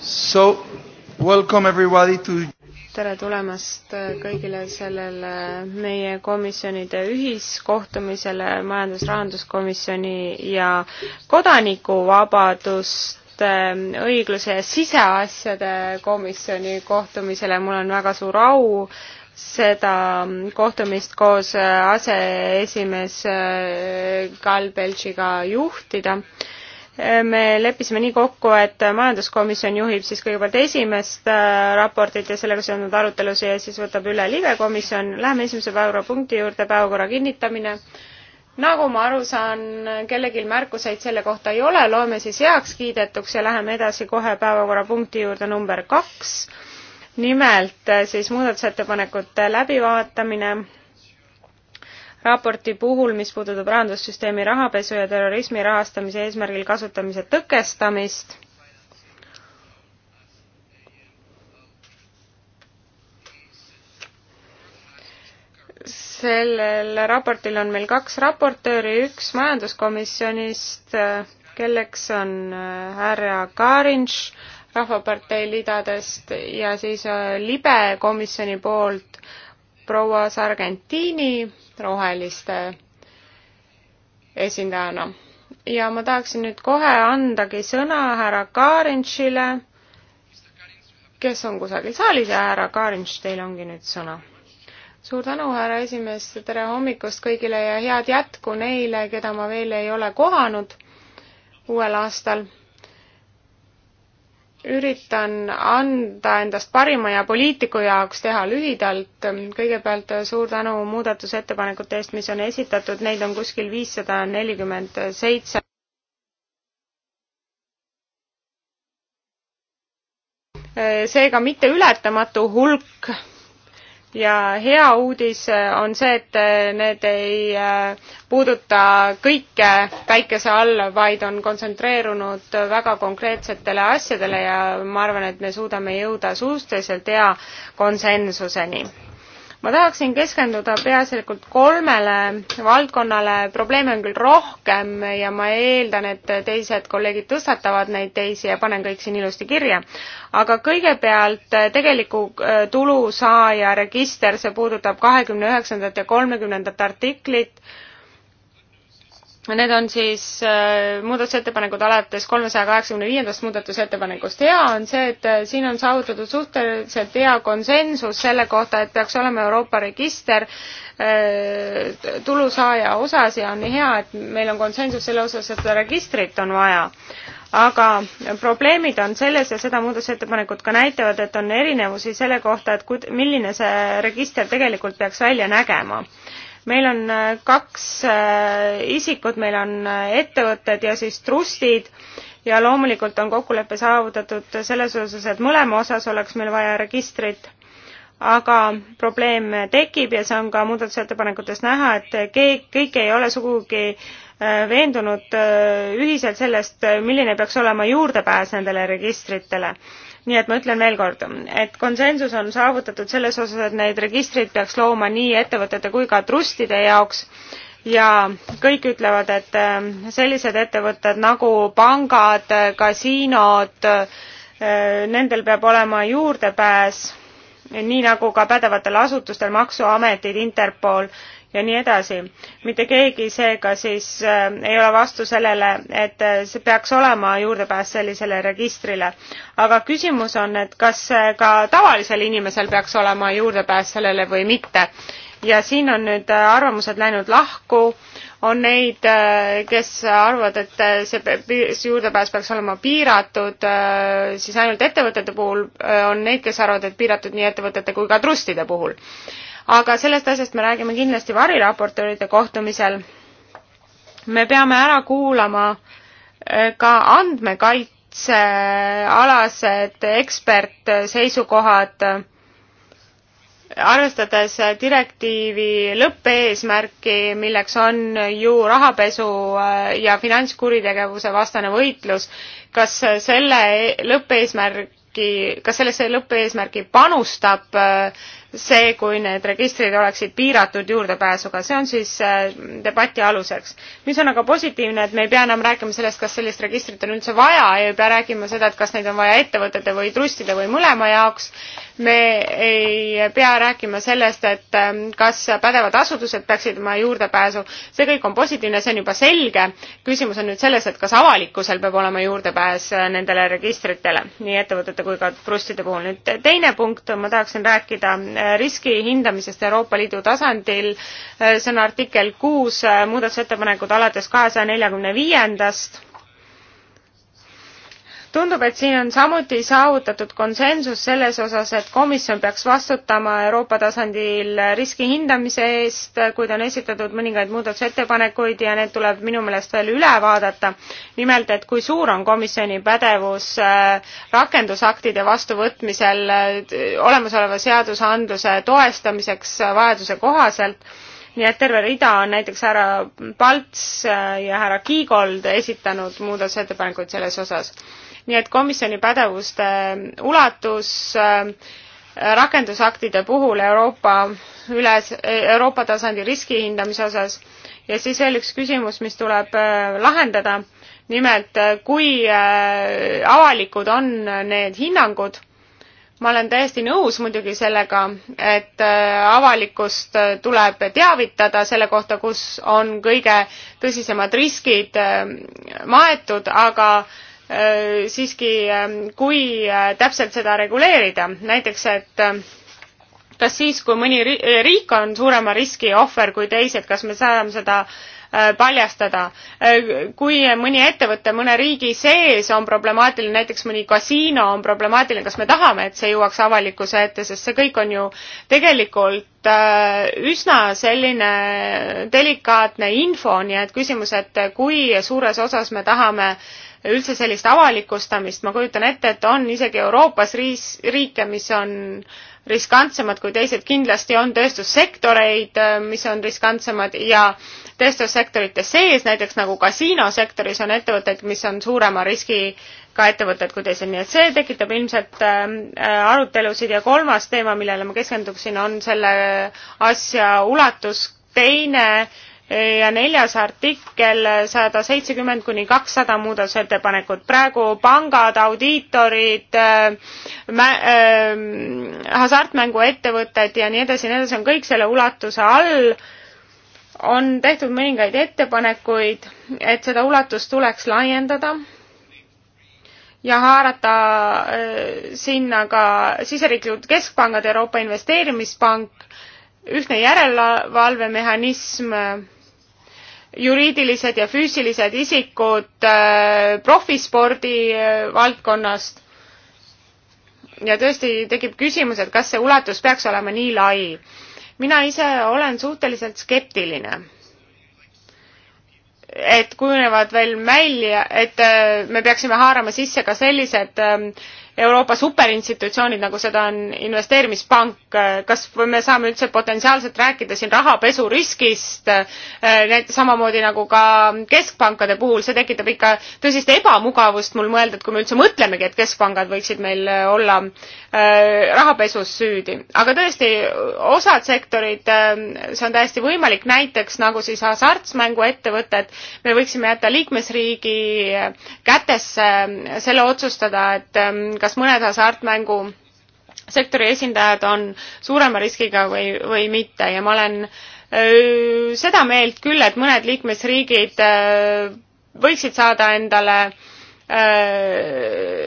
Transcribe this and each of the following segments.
So welcome everybody to tere tulemast kõigile sellele meie komisjonide ühiskohtumisele Majandus-Rahanduskomisjoni ja kodanikuvabadust õigluse ja siseasjade komisjoni kohtumisele. mul on väga suur au seda kohtumist koos aseesimees Karl Belchiga juhtida me leppisime nii kokku, et majanduskomisjon juhib siis kõigepealt esimest äh, raportit ja sellega seondunud arutelusid ja siis võtab üle libekomisjon. Läheme esimese päevakorrapunkti juurde, päevakorra kinnitamine. nagu ma aru saan, kellelgi märkuseid selle kohta ei ole, loeme siis heakskiidetuks ja läheme edasi kohe päevakorrapunkti juurde number kaks. nimelt äh, siis muudatusettepanekute läbivaatamine raporti puhul, mis puudutab rahandussüsteemi rahapesu ja terrorismi rahastamise eesmärgil kasutamise tõkestamist. sellel raportil on meil kaks raportööri, üks majanduskomisjonist, kelleks on äh, härra Karinš Rahvapartei lidadest ja siis äh, libe komisjoni poolt äh, proua Sargentini roheliste esindajana. ja ma tahaksin nüüd kohe andagi sõna härra Karinšile, kes on kusagil saalis ja härra Karinš, teil ongi nüüd sõna. suur tänu, härra esimees, tere hommikust kõigile ja head jätku neile, keda ma veel ei ole kohanud uuel aastal üritan anda endast parima ja poliitiku jaoks teha lühidalt. kõigepealt suur tänu muudatusettepanekute eest, mis on esitatud, neid on kuskil viissada nelikümmend seitse. seega mitte ületamatu hulk ja hea uudis äh, on see, et äh, need ei äh, puuduta kõike päikese all, vaid on kontsentreerunud väga konkreetsetele asjadele ja ma arvan, et me suudame jõuda suhteliselt hea konsensuseni ma tahaksin keskenduda peaasjalikult kolmele valdkonnale, probleeme on küll rohkem ja ma eeldan, et teised kolleegid tõstatavad neid teisi ja panen kõik siin ilusti kirja. aga kõigepealt eh, tegeliku eh, tulusaaja register, see puudutab kahekümne üheksandat ja kolmekümnendat artiklit Need on siis äh, muudatusettepanekud alates kolmesaja kaheksakümne viiendast muudatusettepanekust. hea on see, et äh, siin on saavutatud suhteliselt hea konsensus selle kohta, et peaks olema Euroopa register äh, tulusaaja osas ja on hea, et meil on konsensus selle osas, et seda registrit on vaja. aga probleemid on selles ja seda muudatusettepanekud ka näitavad, et on erinevusi selle kohta, et kud, milline see register tegelikult peaks välja nägema meil on äh, kaks äh, isikut, meil on äh, ettevõtted ja siis trustid ja loomulikult on kokkulepe saavutatud selles osas, et mõlema osas oleks meil vaja registrit, aga probleem tekib ja see on ka muudatusettepanekutest näha, et keeg-, kõik ei ole sugugi veendunud ühiselt sellest, milline peaks olema juurdepääs nendele registritele nii et ma ütlen veel kord, et konsensus on saavutatud selles osas, et need registrid peaks looma nii ettevõtete kui ka trustide jaoks ja kõik ütlevad, et äh, sellised ettevõtted nagu pangad, kasiinod, äh, nendel peab olema juurdepääs, nii nagu ka pädevatel asutustel, Maksuametid, Interpol ja nii edasi. mitte keegi seega siis äh, ei ole vastu sellele, et äh, see peaks olema juurdepääs sellisele registrile. aga küsimus on, et kas äh, ka tavalisel inimesel peaks olema juurdepääs sellele või mitte. ja siin on nüüd äh, arvamused läinud lahku, on neid, kes arvavad, et see, see juurdepääs peaks olema piiratud siis ainult ettevõtete puhul, on neid, kes arvavad, et piiratud nii ettevõtete kui ka trustide puhul aga sellest asjast me räägime kindlasti variraportööride kohtumisel. me peame ära kuulama äh, ka andmekaitsealased ekspertseisukohad, arvestades direktiivi lõppeesmärki, milleks on ju rahapesu äh, ja finantskuritegevuse vastane võitlus, kas selle lõppeesmärk äkki, kas sellesse lõppeesmärgi panustab äh, see, kui need registrid oleksid piiratud juurdepääsuga, see on siis äh, debati aluseks. mis on aga positiivne, et me ei pea enam rääkima sellest, kas sellist registrit on üldse vaja ja ei pea rääkima seda, et kas neid on vaja ettevõtete või trustide või mõlema jaoks. me ei pea rääkima sellest, et ähm, kas pädevad asutused peaksid oma juurdepääsu, see kõik on positiivne, see on juba selge. küsimus on nüüd selles, et kas avalikkusel peab olema juurdepääs äh, nendele registritele, nii ettevõtete kui ka trustide puhul. nüüd teine punkt, ma tahaksin rääkida äh, riski hindamisest Euroopa Liidu tasandil. see on artikkel kuus muudatusettepanekud alates kahesaja neljakümne viiendast tundub, et siin on samuti saavutatud konsensus selles osas, et komisjon peaks vastutama Euroopa tasandil riski hindamise eest, kuid on esitatud mõningaid muudatusettepanekuid ja need tuleb minu meelest veel üle vaadata. nimelt, et kui suur on komisjoni pädevus äh, rakendusaktide vastuvõtmisel äh, olemasoleva seadusandluse toestamiseks äh, vajaduse kohaselt nii et terve rida on näiteks härra Palts ja härra Kiigold esitanud muudatusettepanekuid selles osas nii et komisjoni pädevuste ulatus äh, rakendusaktide puhul Euroopa üles, äh, Euroopa tasandi riskihindamise osas ja siis veel üks küsimus, mis tuleb äh, lahendada. nimelt, kui avalikud on need hinnangud ma olen täiesti nõus muidugi sellega, et avalikkust tuleb teavitada selle kohta, kus on kõige tõsisemad riskid maetud, aga Äh, siiski, ähm, kui äh, täpselt seda reguleerida, näiteks et äh, kas siis, kui mõni riik on suurema riski ohver kui teised, kas me saame seda paljastada. kui mõni ettevõte mõne riigi sees on problemaatiline, näiteks mõni kasiino on problemaatiline, kas me tahame, et see jõuaks avalikkuse ette, sest see kõik on ju tegelikult üsna selline delikaatne info, nii et küsimus, et kui suures osas me tahame üldse sellist avalikustamist, ma kujutan ette, et on isegi Euroopas riis, riike, mis on riskantsemad kui teised, kindlasti on tööstussektoreid, äh, mis on riskantsemad ja tööstussektorite sees, näiteks nagu kasiinosektoris on ettevõtteid, mis on suurema riskiga ettevõtted kui teised, nii et see tekitab ilmselt äh, äh, arutelusid ja kolmas teema, millele ma keskenduksin, on selle asja ulatus, teine äh, ja neljas artikkel sada seitsekümmend kuni kakssada muudatusettepanekut. praegu pangad, audiitorid, äh, äh, hasartmänguettevõtted ja nii edasi, need on kõik selle ulatuse all. on tehtud mõningaid ettepanekuid, et seda ulatust tuleks laiendada ja haarata äh, sinna ka siseriiklikud keskpangad, Euroopa Investeerimispank, ühtne järelevalvemehhanism juriidilised ja füüsilised isikud äh, profispordi äh, valdkonnast. ja tõesti tekib küsimus, et kas see ulatus peaks olema nii lai. mina ise olen suhteliselt skeptiline et kujunevad veel välja, et äh, me peaksime haarama sisse ka sellised ähm, Euroopa superinstitutsioonid, nagu seda on investeerimispank, kas me saame üldse potentsiaalselt rääkida siin rahapesuriskist, eh, samamoodi nagu ka keskpankade puhul, see tekitab ikka tõsist ebamugavust mul mõelda, et kui me üldse mõtlemegi, et keskpangad võiksid meil olla eh, rahapesus süüdi. aga tõesti, osad sektorid, eh, see on täiesti võimalik, näiteks nagu siis hasartsmänguettevõtted, me võiksime jätta liikmesriigi kätesse selle otsustada, et kas mõned hasartmängu sektori esindajad on suurema riskiga või, või mitte ja ma olen öö, seda meelt küll, et mõned liikmesriigid öö, võiksid saada endale öö,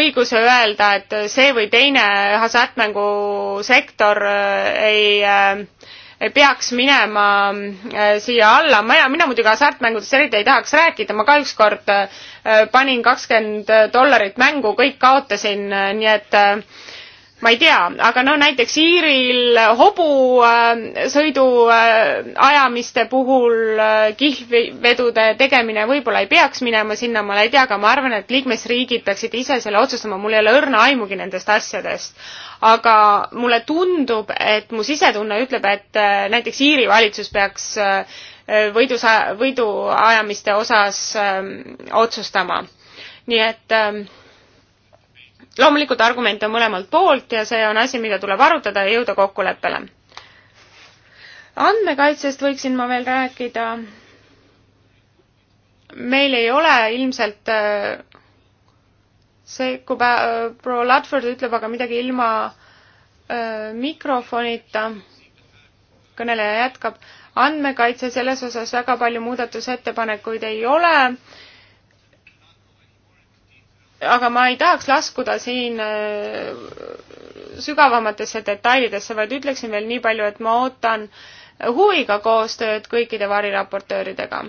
õiguse öelda, et see või teine hasartmängusektor ei öö, peaks minema äh, siia alla, mina, mina muidugi hasartmängudest eriti ei tahaks rääkida, ma ka ükskord äh, panin kakskümmend dollarit mängu, kõik kaotasin, äh, nii et äh, ma ei tea, aga no näiteks Iiril hobusõidu äh, äh, ajamiste puhul äh, kihlvedude tegemine võib-olla ei peaks minema sinna, ma ei tea, aga ma arvan, et liikmesriigid peaksid ise selle otsustama, mul ei ole õrna aimugi nendest asjadest. aga mulle tundub, et mu sisetunne ütleb, et näiteks Iiri valitsus peaks võidus, võiduajamiste osas öö, ähm, otsustama. nii et öö, ähm, loomulikult argumente on mõlemalt poolt ja see on asi, mida tuleb arutada ja jõuda kokkuleppele. andmekaitsest võiksin ma veel rääkida. meil ei ole ilmselt äh, see, kui proua Ladford ütleb aga midagi ilma öö, äh, mikrofonita, kõneleja jätkab, andmekaitse selles osas väga palju muudatusettepanekuid ei ole aga ma ei tahaks laskuda siin äh, sügavamatesse detailidesse, vaid ütleksin veel nii palju, et ma ootan huviga koostööd kõikide variraportööridega.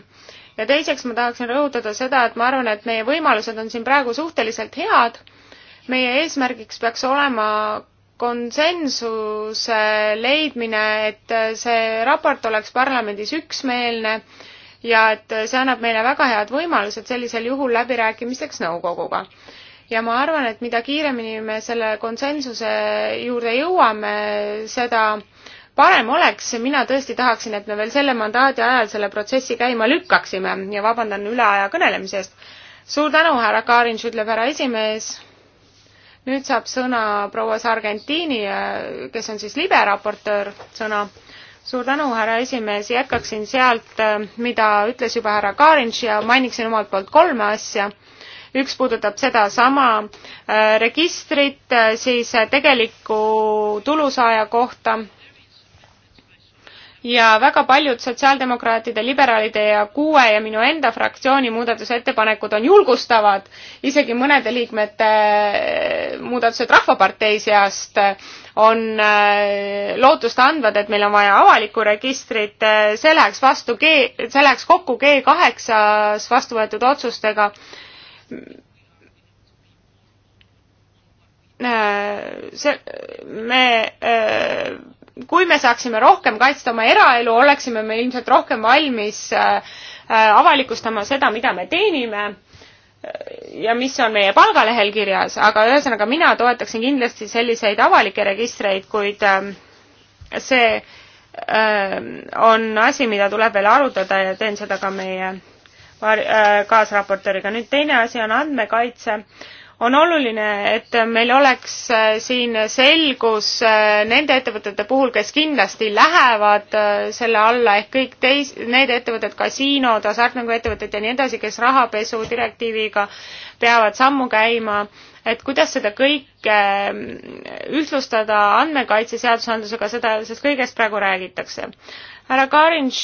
ja teiseks ma tahaksin rõhutada seda, et ma arvan, et meie võimalused on siin praegu suhteliselt head. meie eesmärgiks peaks olema konsensuse leidmine, et see raport oleks parlamendis üksmeelne ja et see annab meile väga head võimalused sellisel juhul läbirääkimisteks nõukoguga. ja ma arvan, et mida kiiremini me selle konsensuse juurde jõuame, seda parem oleks, mina tõesti tahaksin, et me veel selle mandaadi ajal selle protsessi käima lükkaksime ja vabandan üle aja kõnelemise eest. suur tänu, härra Karinš, ütleb härra esimees. nüüd saab sõna proua Sargentini, kes on siis liberaportöör, sõna suur tänu, härra esimees, jätkaksin sealt, äh, mida ütles juba härra Karinš ja mainiksin omalt poolt kolme asja üks puudutab sedasama äh, registrit äh,, siis äh, tegeliku tulusaaja kohta ja väga paljud sotsiaaldemokraatide, liberaalide ja kuue ja minu enda fraktsiooni muudatusettepanekud on julgustavad, isegi mõnede liikmete äh, muudatused Rahvapartei seast on äh, lootustandvad, et meil on vaja avalikku registrit, äh, see läheks vastu G, see läheks kokku G kaheksas vastu võetud otsustega äh, see, me, kui me saaksime rohkem kaitsta oma eraelu, oleksime me ilmselt rohkem valmis avalikustama seda, mida me teenime ja mis on meie palgalehel kirjas, aga ühesõnaga mina toetaksin kindlasti selliseid avalikke registreid, kuid ähm, see ähm, on asi, mida tuleb veel arutada ja teen seda ka meie äh, kaasraportööriga. nüüd teine asi on andmekaitse on oluline, et meil oleks äh, siin selgus äh, nende ettevõtete puhul, kes kindlasti lähevad äh, selle alla, ehk kõik teis-, need ettevõtted, kasiinod, hasartmänguettevõtted ja nii edasi, kes rahapesu direktiiviga peavad sammu käima, et kuidas seda kõike ühtlustada andmekaitse seadusandlusega, seda, sellest kõigest praegu räägitakse. härra Karinš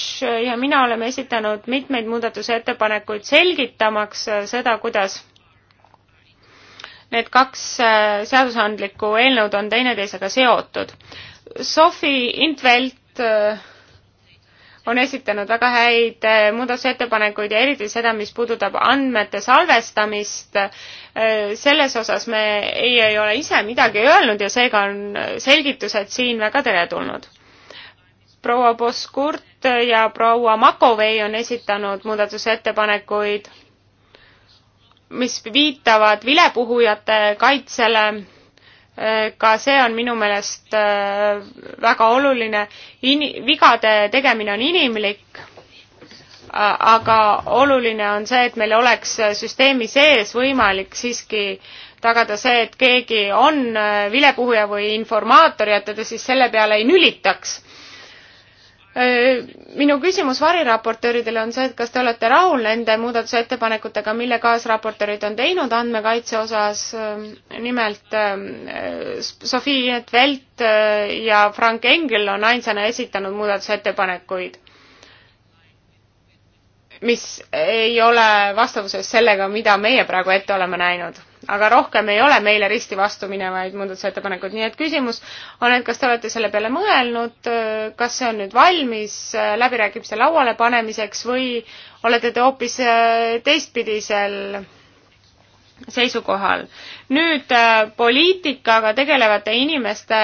ja mina oleme esitanud mitmeid muudatusettepanekuid selgitamaks seda, kuidas Need kaks äh, seadusandlikku eelnõud on teineteisega seotud. Sofi Intvelt äh, on esitanud väga häid äh, muudatusettepanekuid ja eriti seda, mis puudutab andmete salvestamist. selles osas me ei, ei ole ise midagi öelnud ja seega on selgitused siin väga teretulnud. proua Boskurt ja proua Makovei on esitanud muudatusettepanekuid mis viitavad vilepuhujate kaitsele, ka see on minu meelest äh, väga oluline. In-, vigade tegemine on inimlik, aga oluline on see, et meil oleks süsteemi sees võimalik siiski tagada see, et keegi on äh, vilepuhuja või informaator ja et teda siis selle peale ei nülitaks Äh, minu küsimus variraportööridele on see, et kas te olete rahul nende muudatusettepanekutega, mille kaasraportöörid on teinud andmekaitse osas, ähm, nimelt ähm, äh, Sofii Netvelt äh, ja Frank Engel on ainsana esitanud muudatusettepanekuid, mis ei ole vastavuses sellega, mida meie praegu ette oleme näinud aga rohkem ei ole meile risti vastu minevaid muudatusettepanekuid, nii et küsimus on, et kas te olete selle peale mõelnud, kas see on nüüd valmis läbirääkimiste lauale panemiseks või olete te hoopis äh, teistpidisel seisukohal. nüüd äh, poliitikaga tegelevate inimeste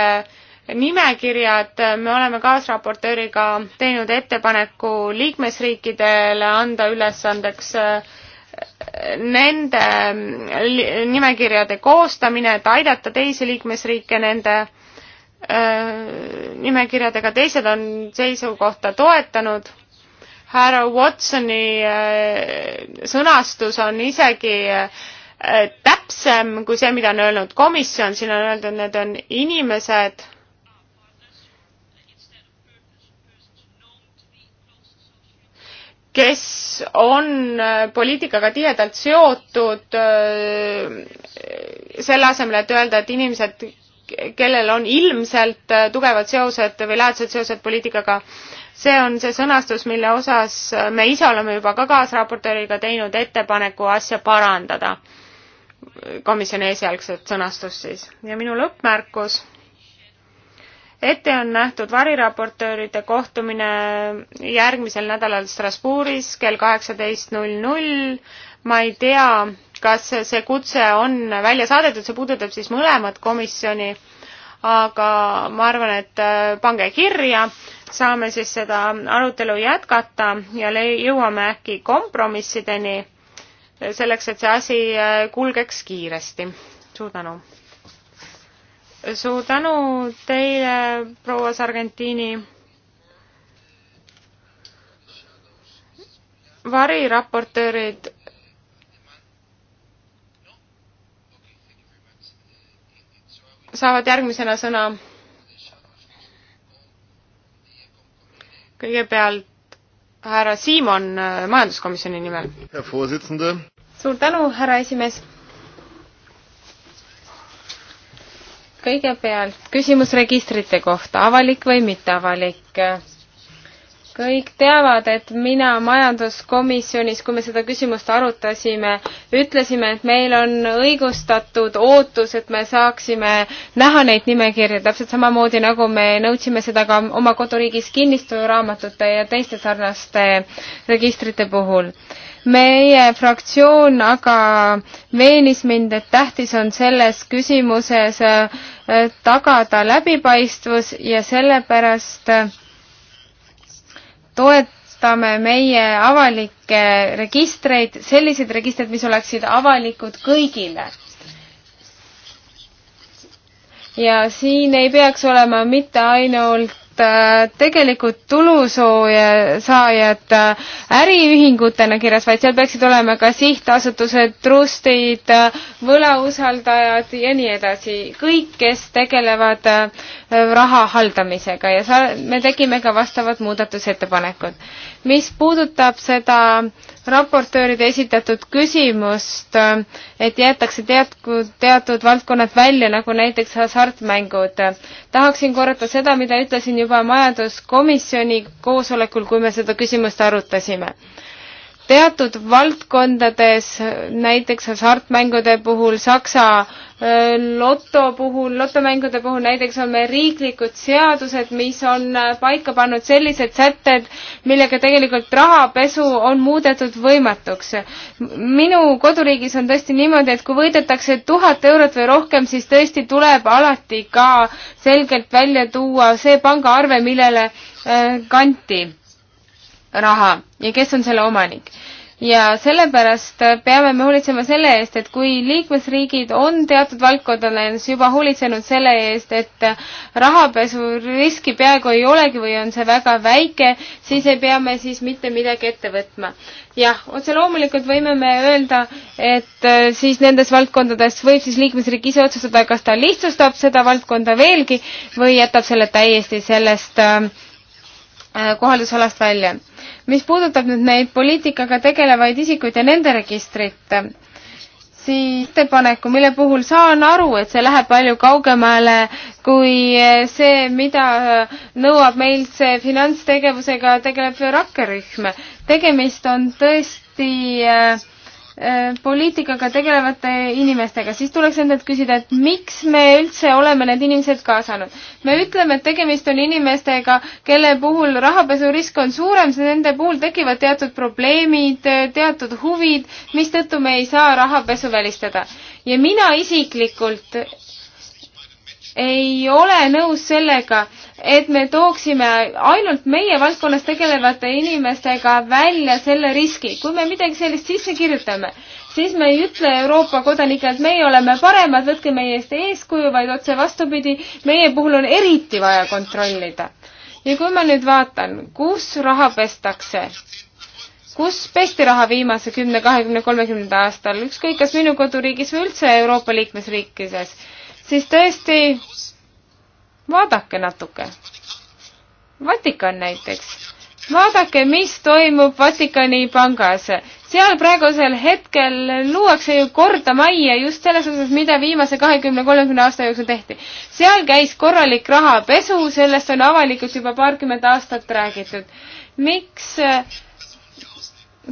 nimekirjad, me oleme kaasraportööriga teinud ettepaneku liikmesriikidele anda ülesandeks äh, nende nimekirjade koostamine, et aidata teisi liikmesriike nende nimekirjadega, teised on seisukohta toetanud. härra Watsoni sõnastus on isegi täpsem kui see, mida on öelnud komisjon, siin on öeldud, need on inimesed kes on äh, poliitikaga tihedalt seotud, äh, selle asemel, et öelda, et inimesed, kellel on ilmselt äh, tugevad seosed või lähedased seosed poliitikaga, see on see sõnastus, mille osas me ise oleme juba ka kaasraportööriga teinud ettepaneku asja parandada, komisjoni esialgset sõnastust siis. ja minu lõppmärkus ette on nähtud variraportööride kohtumine järgmisel nädalal Strasbourgis kell kaheksateist null null. ma ei tea, kas see kutse on välja saadetud, see puudutab siis mõlemat komisjoni, aga ma arvan, et äh, pange kirja, saame siis seda arutelu jätkata ja jõuame äkki kompromissideni selleks, et see asi äh, kulgeks kiiresti. suur tänu! suur tänu teile, proua Sargentini. variraportöörid. saavad järgmisena sõna. kõigepealt härra Siimon äh, majanduskomisjoni nimel. suur tänu, härra esimees kõigepealt küsimus registrite kohta, avalik või mitteavalik? kõik teavad, et mina majanduskomisjonis, kui me seda küsimust arutasime, ütlesime, et meil on õigustatud ootus, et me saaksime näha neid nimekirju, täpselt samamoodi nagu me nõudsime seda ka oma koduriigis kinnistusraamatute ja teiste sarnaste registrite puhul meie fraktsioon aga veenis mind, et tähtis on selles küsimuses äh, tagada läbipaistvus ja sellepärast toetame meie avalikke registreid, selliseid registreid, mis oleksid avalikud kõigile ja siin ei peaks olema mitte ainult Äh, tegelikud tulusooja, saajad äh, äriühingutena kirjas, vaid seal peaksid olema ka sihtasutused, trustid, äh, võlausaldajad ja nii edasi. kõik, kes tegelevad raha haldamisega ja sa, me tegime ka vastavad muudatusettepanekud. mis puudutab seda raportööride esitatud küsimust, et jäetakse teatud, teatud valdkonnad välja, nagu näiteks hasartmängud, tahaksin korrata seda, mida ütlesin juba juba majanduskomisjoni koosolekul, kui me seda küsimust arutasime teatud valdkondades, näiteks hasartmängude puhul, Saksa loto puhul, lotomängude puhul näiteks on meil riiklikud seadused, mis on äh, paika pannud sellised sätted, millega tegelikult rahapesu on muudetud võimatuks. minu koduriigis on tõesti niimoodi, et kui võidetakse tuhat eurot või rohkem, siis tõesti tuleb alati ka selgelt välja tuua see pangaarve, millele äh, kanti raha ja kes on selle omanik. ja sellepärast peame me hoolitsema selle eest, et kui liikmesriigid on teatud valdkondades juba hoolitsenud selle eest, et rahapesuriski peaaegu ei olegi või on see väga väike, siis ei pea me siis mitte midagi ette võtma. jah, otse loomulikult võime me öelda, et äh, siis nendes valdkondades võib siis liikmesriik ise otsustada, kas ta lihtsustab seda valdkonda veelgi või jätab selle täiesti sellest äh, äh kohaldusalast välja mis puudutab nüüd neid poliitikaga tegelevaid isikuid ja nende registrit, siis ettepaneku, mille puhul saan aru, et see läheb palju kaugemale kui see, mida nõuab meilt see finantstegevusega tegelev rakkerühm. tegemist on tõesti äh, Äh, poliitikaga tegelevate inimestega, siis tuleks endalt küsida, et miks me üldse oleme need inimesed kaasanud. me ütleme, et tegemist on inimestega, kelle puhul rahapesurisk on suurem, nende puhul tekivad teatud probleemid, teatud huvid, mistõttu me ei saa rahapesu välistada. ja mina isiklikult ei ole nõus sellega, et me tooksime ainult meie valdkonnas tegelevate inimestega välja selle riski. kui me midagi sellist sisse kirjutame, siis me ei ütle Euroopa kodanikele, et meie oleme paremad, võtke meie eest eeskuju, vaid otse vastupidi, meie puhul on eriti vaja kontrollida. ja kui ma nüüd vaatan, kus raha pestakse, kus pesti raha viimase kümne, kahekümne, kolmekümnenda aastal, ükskõik kas minu koduriigis või üldse Euroopa liikmesriikides, siis tõesti vaadake natuke. Vatikan näiteks. vaadake, mis toimub Vatikani pangas. seal praegusel hetkel luuakse ju korda majja just selles osas, mida viimase kahekümne, kolmekümne aasta jooksul tehti. seal käis korralik rahapesu, sellest on avalikult juba paarkümmend aastat räägitud. miks eh,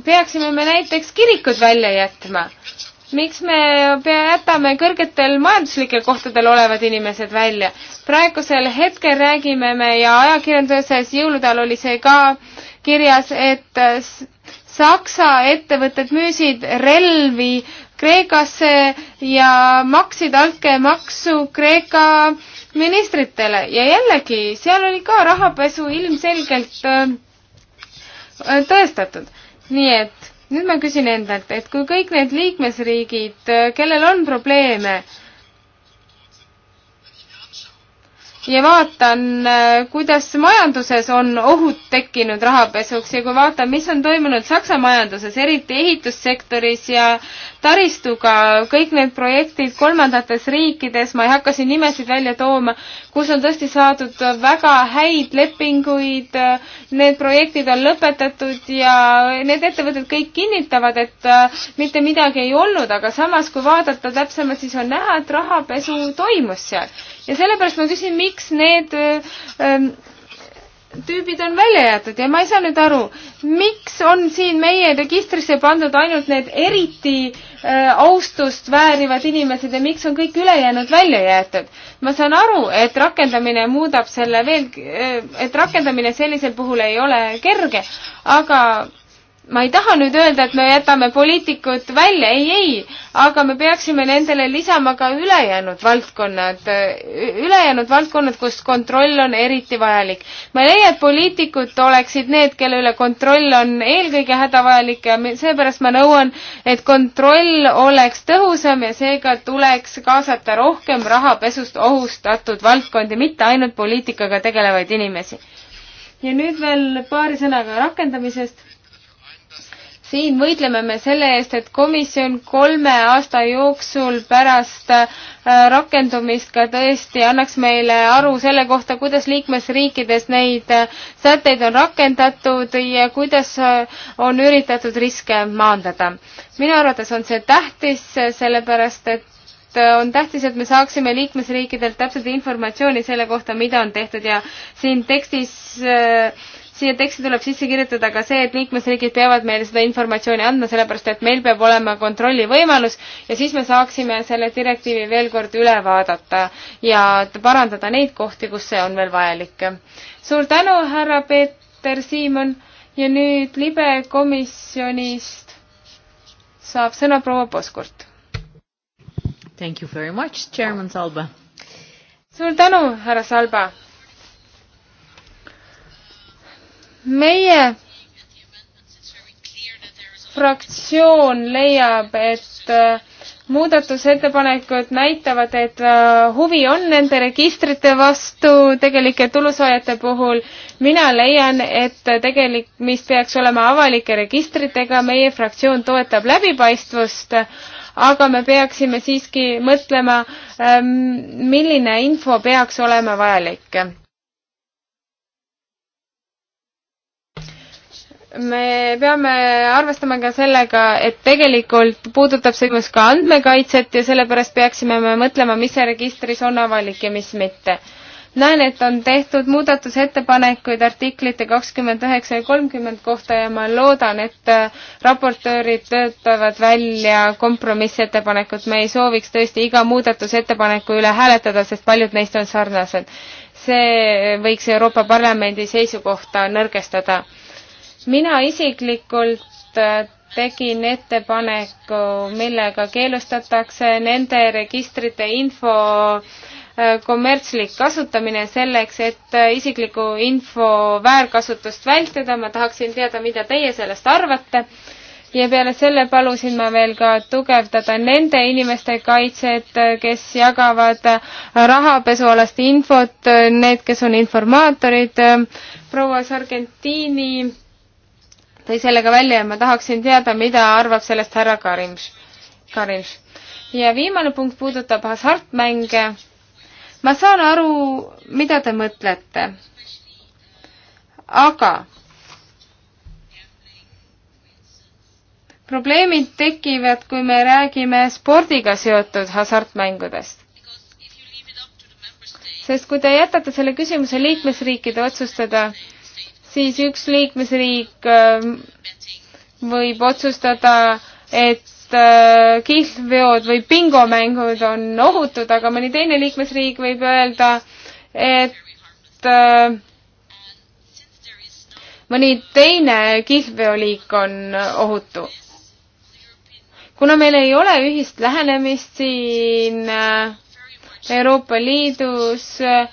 peaksime me näiteks kirikud välja jätma? miks me jätame kõrgetel majanduslikel kohtadel olevad inimesed välja? praegusel hetkel räägime me ja ajakirjanduses jõulude ajal oli see ka kirjas, et Saksa ettevõtted müüsid relvi Kreekasse ja maksid altkäemaksu Kreeka ministritele ja jällegi, seal oli ka rahapesu ilmselgelt äh, tõestatud. nii et nüüd ma küsin endalt, et kui kõik need liikmesriigid, kellel on probleeme, ja vaatan, äh, kuidas majanduses on ohud tekkinud rahapesuks ja kui vaatan, mis on toimunud Saksa majanduses, eriti ehitussektoris ja taristuga, kõik need projektid kolmandates riikides, ma ei hakka siin nimesid välja tooma, kus on tõesti saadud väga häid lepinguid, need projektid on lõpetatud ja need ettevõtted kõik kinnitavad, et äh, mitte midagi ei olnud, aga samas, kui vaadata täpsemalt, siis on näha, et rahapesu toimus seal ja sellepärast ma küsin, miks need ähm, tüübid on välja jäetud ja ma ei saa nüüd aru, miks on siin meie registrisse pandud ainult need eriti äh, austust väärivad inimesed ja miks on kõik ülejäänud välja jäetud? ma saan aru, et rakendamine muudab selle veel äh,, et rakendamine sellisel puhul ei ole kerge, aga ma ei taha nüüd öelda, et me jätame poliitikud välja, ei, ei, aga me peaksime nendele lisama ka ülejäänud valdkonnad, ülejäänud valdkonnad, kus kontroll on eriti vajalik. ma ei leia, et poliitikud oleksid need, kelle üle kontroll on eelkõige hädavajalik ja seepärast ma nõuan, et kontroll oleks tõhusam ja seega tuleks kaasata rohkem rahapesust ohustatud valdkondi, mitte ainult poliitikaga tegelevaid inimesi. ja nüüd veel paari sõnaga rakendamisest siin võitleme me selle eest, et komisjon kolme aasta jooksul pärast äh, rakendumist ka tõesti annaks meile aru selle kohta, kuidas liikmesriikides neid äh, sätteid on rakendatud ja kuidas äh, on üritatud riske maandada. minu arvates on see tähtis, sellepärast et on tähtis, et me saaksime liikmesriikidelt täpselt informatsiooni selle kohta, mida on tehtud ja siin tekstis äh, siia teksti tuleb sisse kirjutada ka see, et liikmesriigid peavad meile seda informatsiooni andma, sellepärast et meil peab olema kontrollivõimalus ja siis me saaksime selle direktiivi veel kord üle vaadata ja parandada neid kohti, kus see on veel vajalik. suur tänu, härra Peeter Siimon ja nüüd libe komisjonist saab sõna proua Poskurt. Thank you very much, Chairman Salba. suur tänu, härra Salba meie fraktsioon leiab, et äh, muudatusettepanekud näitavad, et äh, huvi on nende registrite vastu tegelike tulusaajate puhul. mina leian, et tegelik, mis peaks olema avalike registritega, meie fraktsioon toetab läbipaistvust, aga me peaksime siiski mõtlema, ähm, milline info peaks olema vajalik me peame arvestama ka sellega, et tegelikult puudutab see küsimus ka andmekaitset ja sellepärast peaksime me mõtlema, mis see registris on avalik ja mis mitte. näen, et on tehtud muudatusettepanekuid artiklite kakskümmend üheksa ja kolmkümmend kohta ja ma loodan, et äh, raportöörid töötavad välja kompromissettepanekud. me ei sooviks tõesti iga muudatusettepaneku üle hääletada, sest paljud neist on sarnased. see võiks Euroopa Parlamendi seisukohta nõrgestada mina isiklikult äh, tegin ettepaneku, millega keelustatakse nende registrite info äh, kommertslik kasutamine selleks, et äh, isikliku info väärkasutust vältida. ma tahaksin teada, mida teie sellest arvate ja peale selle palusin ma veel ka tugevdada nende inimeste kaitset, kes jagavad rahapesualast infot, need, kes on informaatorid. proua Sargentini tõi sellega välja ja ma tahaksin teada, mida arvab sellest härra Karims, Karims. ja viimane punkt puudutab hasartmänge. ma saan aru, mida te mõtlete. aga probleemid tekivad, kui me räägime spordiga seotud hasartmängudest. sest kui te jätate selle küsimuse liikmesriikide otsustada, siis üks liikmesriik ähm, võib otsustada, et äh, kihlveod või bingomängud on ohutud, aga mõni teine liikmesriik võib öelda, et äh, mõni teine kihlveoliik on ohutu. kuna meil ei ole ühist lähenemist siin äh, Euroopa Liidus äh,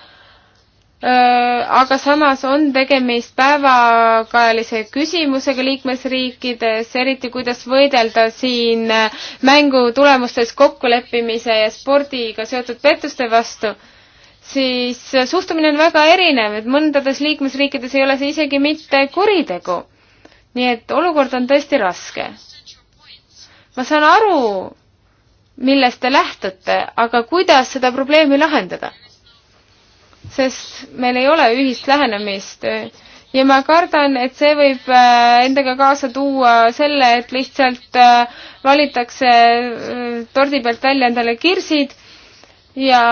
Äh, aga samas on tegemist päevakajalise küsimusega liikmesriikides, eriti kuidas võidelda siin äh, mängu tulemustes kokkuleppimise ja spordiga seotud pettuste vastu, siis äh, suhtumine on väga erinev, et mõndades liikmesriikides ei ole see isegi mitte kuritegu. nii et olukord on tõesti raske. ma saan aru, millest te lähtute, aga kuidas seda probleemi lahendada? sest meil ei ole ühist lähenemist ja ma kardan, et see võib äh, endaga kaasa tuua selle, et lihtsalt äh, valitakse äh, tordi pealt välja endale kirsid ja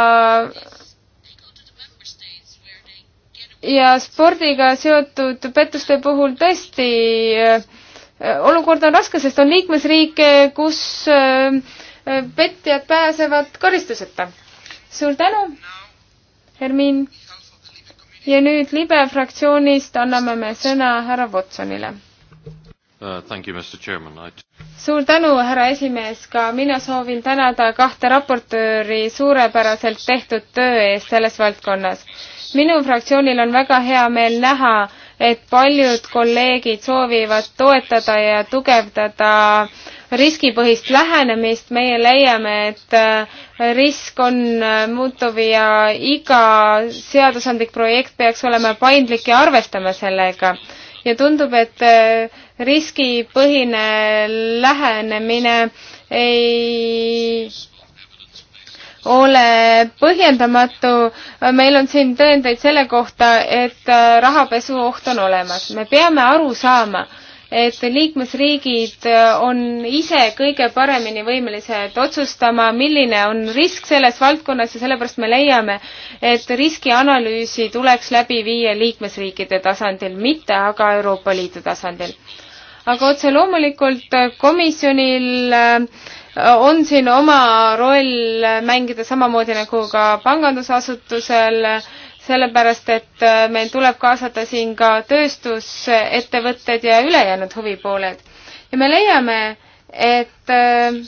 ja spordiga seotud pettuste puhul tõesti olukord on raske, sest on liikmesriike, kus petjad pääsevad karistuseta. suur tänu! Hermin. ja nüüd libe fraktsioonist anname me sõna härra Watsonile. Uh, you, suur tänu, härra esimees, ka mina soovin tänada kahte raportööri suurepäraselt tehtud töö eest selles valdkonnas. minu fraktsioonil on väga hea meel näha, et paljud kolleegid soovivad toetada ja tugevdada äh, riskipõhist lähenemist, meie leiame, et äh, risk on äh, muutuv ja iga seadusandlik projekt peaks olema paindlik ja arvestama sellega. ja tundub, et äh, riskipõhine lähenemine ei ole põhjendamatu. meil on siin tõendeid selle kohta, et rahapesu oht on olemas. me peame aru saama, et liikmesriigid äh, on ise kõige paremini võimelised otsustama, milline on risk selles valdkonnas ja sellepärast me leiame, et riskianalüüsi tuleks läbi viia liikmesriikide tasandil, mitte aga Euroopa Liidu tasandil. aga otse loomulikult komisjonil äh, on siin oma roll mängida samamoodi nagu ka pangandusasutusel sellepärast et äh, meil tuleb kaasata siin ka tööstusettevõtted ja ülejäänud huvipooled. ja me leiame, et äh,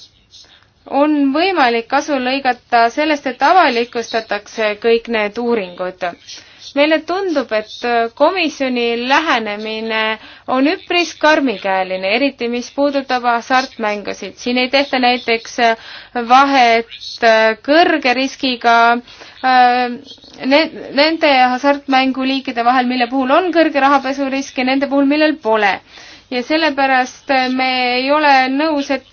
on võimalik kasu lõigata sellest, et avalikustatakse kõik need uuringud meile tundub, et äh, komisjoni lähenemine on üpris karmikäeline, eriti mis puudutab hasartmängusid. siin ei tehta näiteks äh, vahet äh, kõrge riskiga nende hasartmänguliikide vahel, mille puhul on kõrge rahapesurisk ja nende puhul, millel pole ja sellepärast me ei ole nõus, et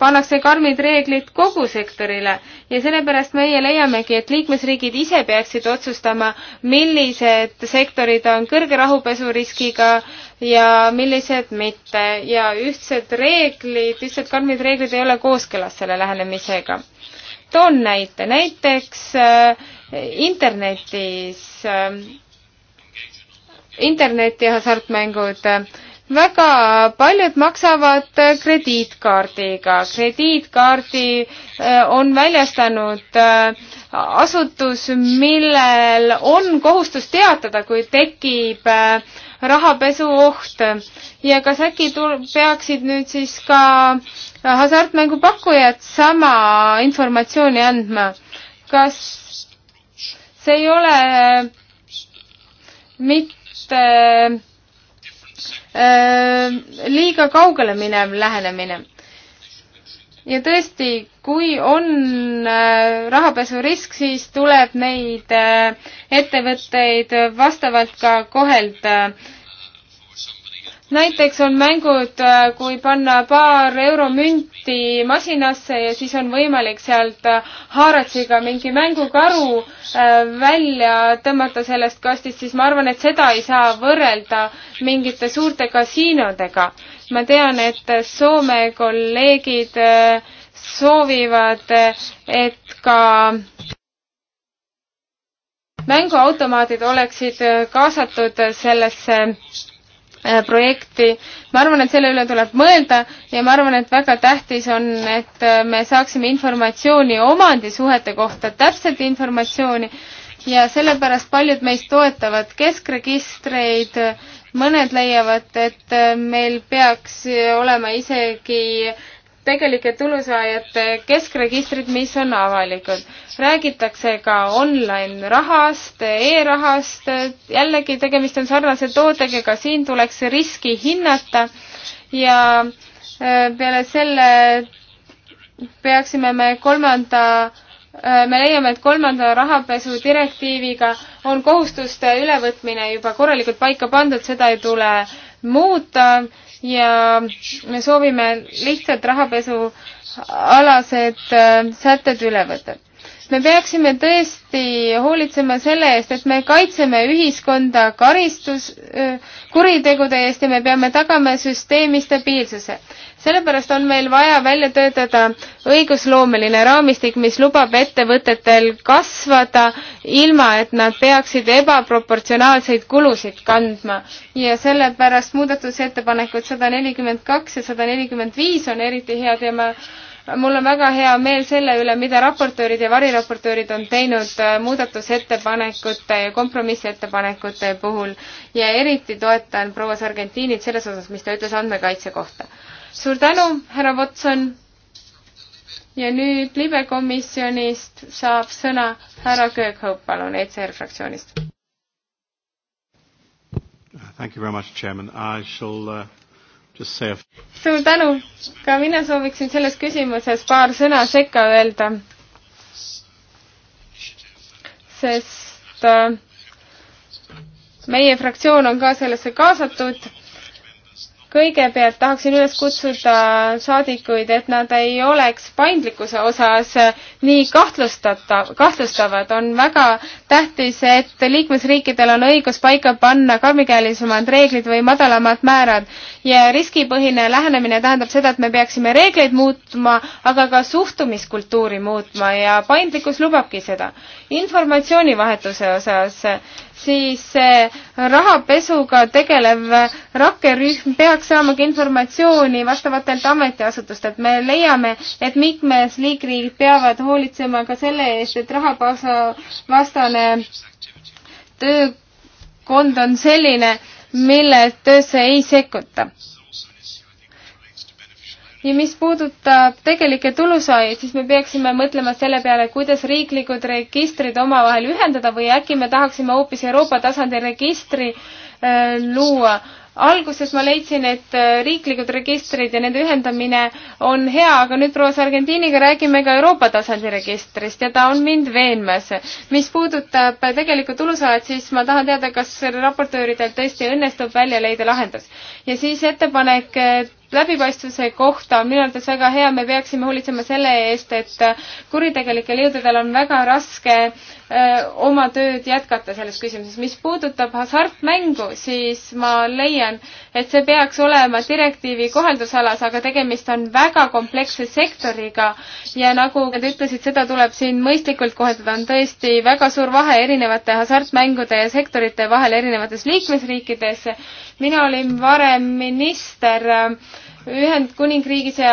pannakse karmid reeglid kogu sektorile ja sellepärast meie leiamegi, et liikmesriigid ise peaksid otsustama, millised sektorid on kõrge rahupesuriskiga ja millised mitte ja ühtsed reeglid, ühtsed karmid reeglid ei ole kooskõlas selle lähenemisega. toon näite, näiteks äh, internetis äh,, interneti hasartmängud äh, väga paljud maksavad äh, krediitkaardiga. krediitkaardi äh, on väljastanud äh, asutus, millel on kohustus teatada, kui tekib rahapesuoht ja kas äkki tul-, peaksid nüüd siis ka hasartmängupakkujad sama informatsiooni andma? kas see ei ole mitte Äh, liiga kaugele minev lähenemine. ja tõesti, kui on äh, rahapesurisk, siis tuleb neid äh, ettevõtteid vastavalt ka kohelda näiteks on mängud, äh, kui panna paar euromünti masinasse ja siis on võimalik sealt äh, haaratsiga mingi mängukaru äh, välja tõmmata sellest kastist, siis ma arvan, et seda ei saa võrrelda mingite suurte kasiinodega. ma tean, et Soome kolleegid soovivad, et ka mänguautomaadid oleksid kaasatud sellesse Äh, projekti. ma arvan, et selle üle tuleb mõelda ja ma arvan, et väga tähtis on, et äh, me saaksime informatsiooni omandisuhete kohta, täpset informatsiooni ja sellepärast paljud meist toetavad keskregistreid, mõned leiavad, et äh, meil peaks olema isegi tegelike tulusaajate keskregistrid, mis on avalikud. räägitakse ka online rahast e, e-rahast, jällegi tegemist on sarnase tootega, ka siin tuleks riski hinnata ja e, peale selle peaksime me kolmanda e, me leiame, et kolmanda rahapesu direktiiviga on kohustuste ülevõtmine juba korralikult paika pandud, seda ei tule muuta ja me soovime lihtsalt rahapesualased äh, sätted üle võtta me peaksime tõesti hoolitsema selle eest, et me kaitseme ühiskonda karistus, kuritegude eest ja me peame tagama süsteemi stabiilsuse. sellepärast on meil vaja välja töötada õigusloomeline raamistik, mis lubab ettevõtetel kasvada, ilma et nad peaksid ebaproportsionaalseid kulusid kandma. ja sellepärast muudatusettepanekud sada nelikümmend kaks ja sada nelikümmend viis on eriti head ja ma mul on väga hea meel selle üle, mida raportöörid ja variraportöörid on teinud äh, muudatusettepanekute ja kompromissettepanekute puhul ja eriti toetan proua Sargentinit selles osas, mis ta ütles andmekaitse kohta. suur tänu, härra Watson! ja nüüd libekomisjonist saab sõna härra Kööghoop, palun, ECR fraktsioonist. Thank you very much, Chairman. I shall uh, suur tänu, ka mina sooviksin selles küsimuses paar sõna sekka öelda, sest äh, meie fraktsioon on ka sellesse kaasatud kõigepealt tahaksin üles kutsuda saadikuid, et nad ei oleks paindlikkuse osas nii kahtlustata, kahtlustavad. on väga tähtis, et liikmesriikidel on õigus paika panna karmikäelisemad reeglid või madalamad määrad ja riskipõhine lähenemine tähendab seda, et me peaksime reegleid muutma, aga ka suhtumiskultuuri muutma ja paindlikkus lubabki seda. informatsioonivahetuse osas siis see rahapesuga tegelev rakkerühm peaks saama ka informatsiooni vastavatelt ametiasutustelt. me leiame, et liikmesliigriigid peavad hoolitsema ka selle eest, et rahapesuvastane töökond on selline, mille töösse ei sekkuta ja mis puudutab tegelikke tulusaajaid, siis me peaksime mõtlema selle peale, kuidas riiklikud registrid omavahel ühendada või äkki me tahaksime hoopis Euroopa tasandil registri äh, luua. alguses ma leidsin, et äh, riiklikud registrid ja nende ühendamine on hea, aga nüüd proua Sargentiniga räägime ka Euroopa tasandi registrist ja ta on mind veenmas. mis puudutab äh, tegelikku tulusaajat, siis ma tahan teada, kas raportööridel tõesti õnnestub välja leida lahendus. ja siis ettepanek äh, läbipaistvuse kohta on minu arvates väga hea, me peaksime hoolitsema selle eest, et kuritegelikel jõududel on väga raske öö, äh, oma tööd jätkata selles küsimuses. mis puudutab hasartmängu, siis ma leian, et see peaks olema direktiivi kohaldusalas, aga tegemist on väga kompleksse sektoriga ja nagu nad ütlesid, seda tuleb siin mõistlikult kohendada, on tõesti väga suur vahe erinevate hasartmängude ja sektorite vahel erinevates liikmesriikides. mina olin varem minister äh, Ühendkuningriigis ja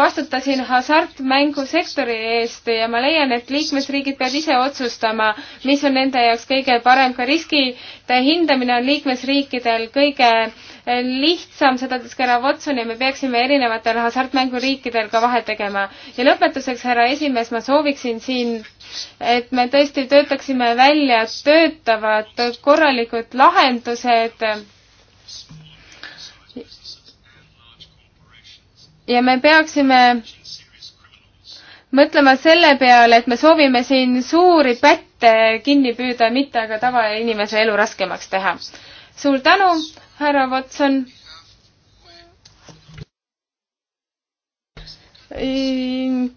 vastutasin hasartmängusektori eest ja ma leian, et liikmesriigid peavad ise otsustama, mis on nende jaoks kõige parem. ka riskide hindamine on liikmesriikidel kõige lihtsam, seda ütles ka härra Watson ja me peaksime erinevatel hasartmänguriikidel ka vahet tegema. ja lõpetuseks, härra esimees, ma sooviksin siin, et me tõesti töötaksime välja töötavad korralikud lahendused ja me peaksime mõtlema selle peale, et me soovime siin suuri pätte kinni püüda, mitte aga tavainimese elu raskemaks teha. suur tänu, härra Watson.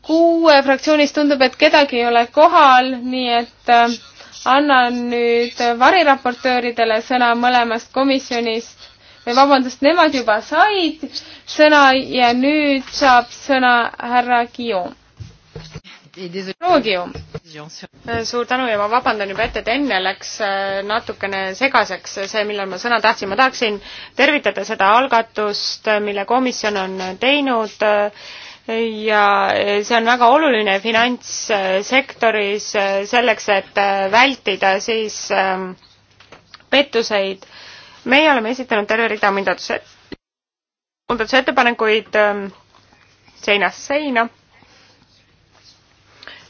kuue fraktsioonis tundub, et kedagi ei ole kohal, nii et äh, annan nüüd variraportööridele sõna mõlemast komisjonist või vabandust, nemad juba said sõna ja nüüd saab sõna härra Guillaume. proua Guillaume. suur tänu ja ma vabandan juba ette, et enne läks äh, natukene segaseks see, millal ma sõna tahtsin. ma tahaksin tervitada seda algatust, mille komisjon on teinud äh, ja see on väga oluline finantssektoris äh, selleks, et vältida siis pettuseid meie oleme esitanud terve rida muudatuse, muudatusettepanekuid ähm, seinast seina.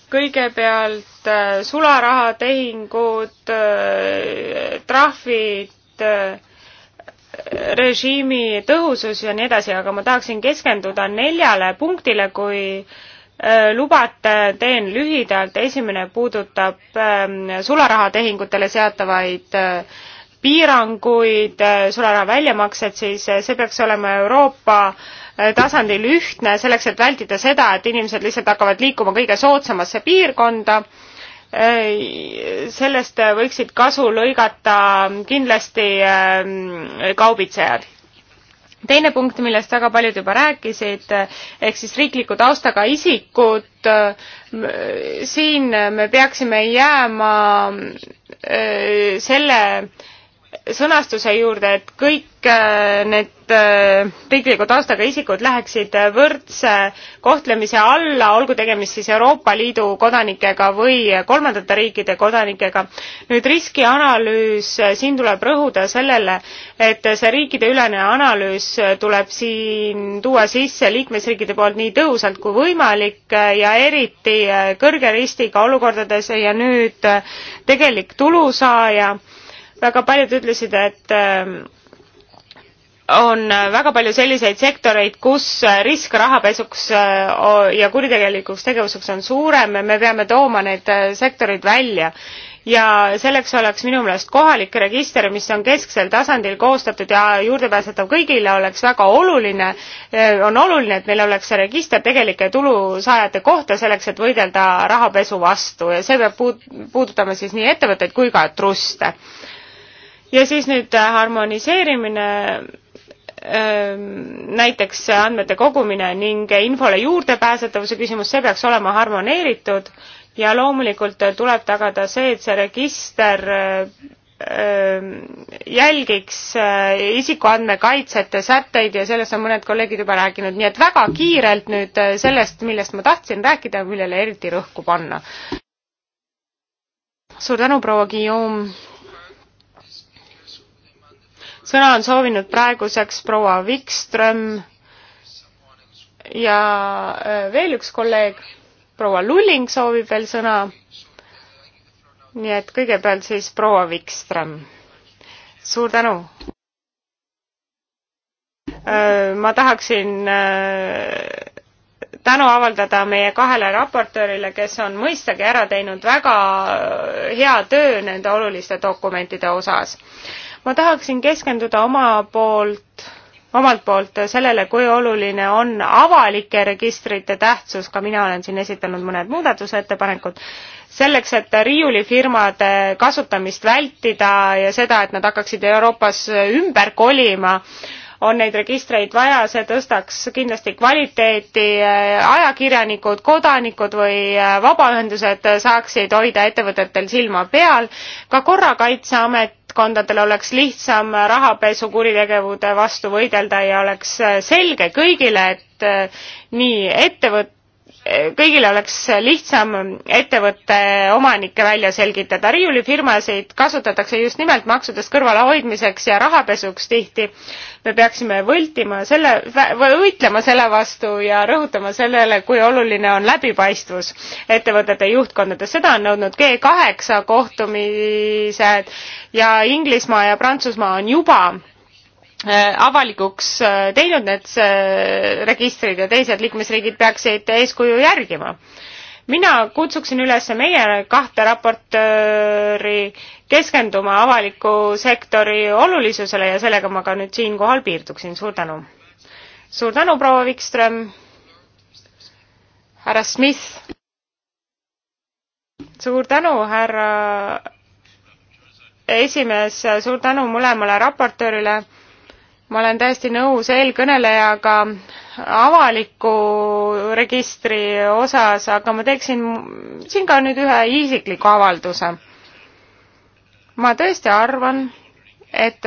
kõigepealt äh, sularahatehingud, äh, trahvid, äh, režiimi tõhusus ja nii edasi, aga ma tahaksin keskenduda neljale punktile, kui lubate, teen lühidalt, esimene puudutab ähm, sularahatehingutel seatavaid äh, piiranguid, äh, sularaha väljamaksed, siis äh, see peaks olema Euroopa äh, tasandil ühtne, selleks et vältida seda, et inimesed lihtsalt hakkavad liikuma kõige soodsamasse piirkonda. sellest võiksid kasu lõigata kindlasti ähm, kaubitsejad teine punkt, millest väga paljud juba rääkisid, ehk siis riikliku taustaga isikud, siin me peaksime jääma selle sõnastuse juurde, et kõik äh, need äh, riikliku taustaga isikud läheksid võrdse kohtlemise alla, olgu tegemist siis Euroopa Liidu kodanikega või kolmandate riikide kodanikega. nüüd riskianalüüs, äh, siin tuleb rõhuda sellele, et see riikideülene analüüs tuleb siin tuua sisse liikmesriikide poolt nii tõhusalt kui võimalik ja eriti kõrge riskiga olukordades ja nüüd tegelik tulusaaja väga paljud ütlesid, et äh, on väga palju selliseid sektoreid, kus äh, risk rahapesuks äh, ja kuritegelikuks tegevuseks on suurem ja me peame tooma need sektorid välja. ja selleks oleks minu meelest kohalik register, mis on kesksel tasandil koostatud ja juurdepääsetav kõigile, oleks väga oluline. on oluline, et meil oleks see register tegelike tulusaajate kohta selleks, et võidelda rahapesu vastu ja see peab puut-, puudutama siis nii ettevõtteid kui ka truste ja siis nüüd äh, harmoniseerimine ähm, näiteks andmete kogumine ning infole juurdepääsetavuse küsimus, see peaks olema harmoneeritud ja loomulikult äh, tuleb tagada see, et see register äh, ähm, jälgiks isikuandmekaitset sätteid ja sellest on mõned kolleegid juba rääkinud, nii et väga kiirelt nüüd sellest, millest ma tahtsin rääkida, millele eriti rõhku panna. suur tänu, proua Guillaume sõna on soovinud praeguseks proua Wikström ja äh, veel üks kolleeg, proua Lulling soovib veel sõna. nii et kõigepealt siis proua Wikström. suur tänu! Äh, ma tahaksin äh, tänu avaldada meie kahele raportöörile, kes on mõistagi ära teinud väga hea töö nende oluliste dokumentide osas ma tahaksin keskenduda oma poolt omalt poolt sellele, kui oluline on avalike registrite tähtsus, ka mina olen siin esitanud mõned muudatusettepanekud, selleks, et riiulifirmade kasutamist vältida ja seda, et nad hakkaksid Euroopas ümber kolima, on neid registreid vaja, see tõstaks kindlasti kvaliteeti, ajakirjanikud, kodanikud või vabaühendused saaksid hoida ettevõtetel silma peal, ka Korrakaitseamet ametkondadel oleks lihtsam rahapesu kuritegevuse vastu võidelda ja oleks selge kõigile et eh, nii ettevõt- kõigil oleks lihtsam ettevõtte omanikke välja selgitada. riiulifirmasid kasutatakse just nimelt maksudest kõrvalehoidmiseks ja rahapesuks tihti. me peaksime võltima selle, võitlema selle vastu ja rõhutama sellele, kui oluline on läbipaistvus ettevõtete juhtkondades. seda on nõudnud G kaheksa kohtumised ja Inglismaa ja Prantsusmaa on juba Äh, avalikuks äh, teinud need äh, registrid ja teised liikmesriigid peaksid eeskuju järgima. mina kutsuksin üles meie kahte raportööri keskenduma avaliku sektori olulisusele ja sellega ma ka nüüd siinkohal piirduksin, suur tänu. suur tänu, proua Wikström. härra Smith. suur tänu, härra esimees, suur tänu mõlemale raportöörile ma olen täiesti nõus eelkõnelejaga avaliku registri osas, aga ma teeksin siin ka nüüd ühe isikliku avalduse. ma tõesti arvan, et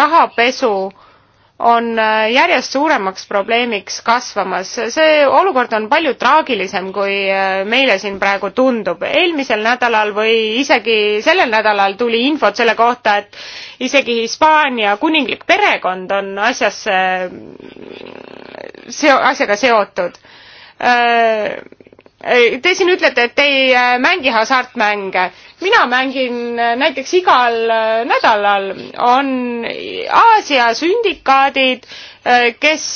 rahapesu äh, on äh, järjest suuremaks probleemiks kasvamas. see olukord on palju traagilisem, kui äh, meile siin praegu tundub. eelmisel nädalal või isegi sellel nädalal tuli infot selle kohta, et isegi Hispaania kuninglik perekond on asjasse, asjaga seotud äh, Te siin ütlete, et te ei äh, mängi hasartmänge. mina mängin äh, näiteks igal äh, nädalal, on Aasia sündikaadid, kes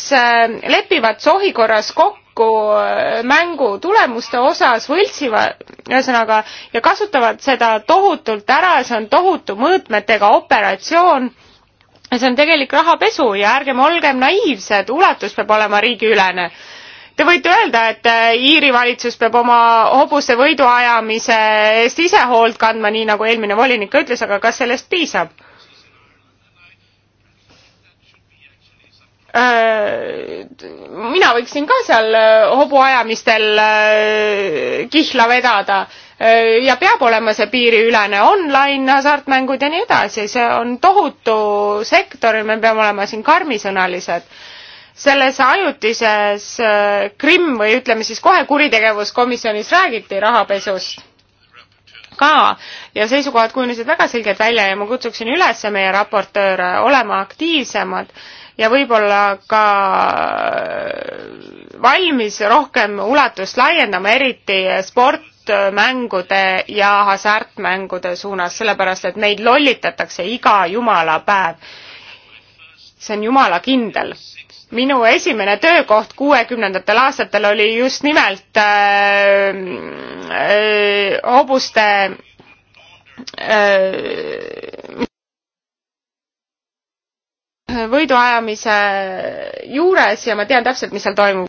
lepivad sohi korras kokku mängu tulemuste osas, võltsivad ühesõnaga ja kasutavad seda tohutult ära, see on tohutu mõõtmetega operatsioon see on tegelik rahapesu ja ärgem olgem naiivsed, ulatus peab olema riigiülene Te võite öelda, et äh, Iiri valitsus peab oma hobuse võiduajamise eest ise hoolt kandma, nii nagu eelmine volinik ka ütles, aga kas sellest piisab? Äh, mina võiksin ka seal äh, hobuajamistel kihla vedada ja peab olema see piiriülene online hasartmängud ja nii edasi, see on tohutu sektor ja me peame olema siin karmisõnalised selles ajutises äh, Krimm või ütleme siis kohe kuritegevuskomisjonis räägiti rahapesust ka ja seisukohad kujunesid väga selgelt välja ja ma kutsuksin üles meie raportööre olema aktiivsemad ja võib-olla ka äh, valmis rohkem ulatust laiendama, eriti sportmängude ja hasartmängude suunas, sellepärast et meid lollitatakse iga jumala päev. see on jumala kindel minu esimene töökoht kuuekümnendatel aastatel oli just nimelt äh, äh, hobuste äh, võiduajamise juures ja ma tean täpselt, mis seal toimub.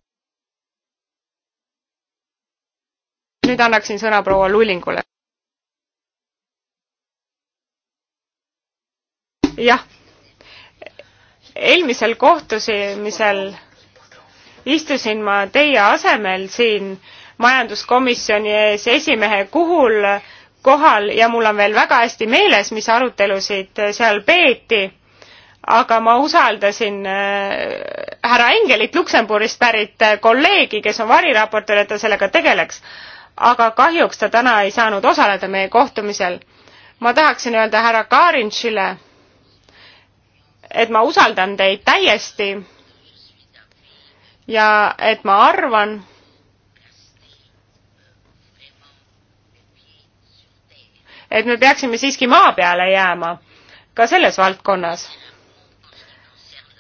nüüd annaksin sõna proua Lullingule. jah eelmisel kohtumisel istusin ma teie asemel siin majanduskomisjoni ees esimehe kuhul kohal ja mul on veel väga hästi meeles, mis arutelusid seal peeti, aga ma usaldasin äh, härra Engelit, Luksemburgist pärit äh, kolleegi, kes on variraportöör, et ta sellega tegeleks. aga kahjuks ta täna ei saanud osaleda meie kohtumisel. ma tahaksin öelda härra Karinšile et ma usaldan teid täiesti ja et ma arvan, et me peaksime siiski maa peale jääma ka selles valdkonnas.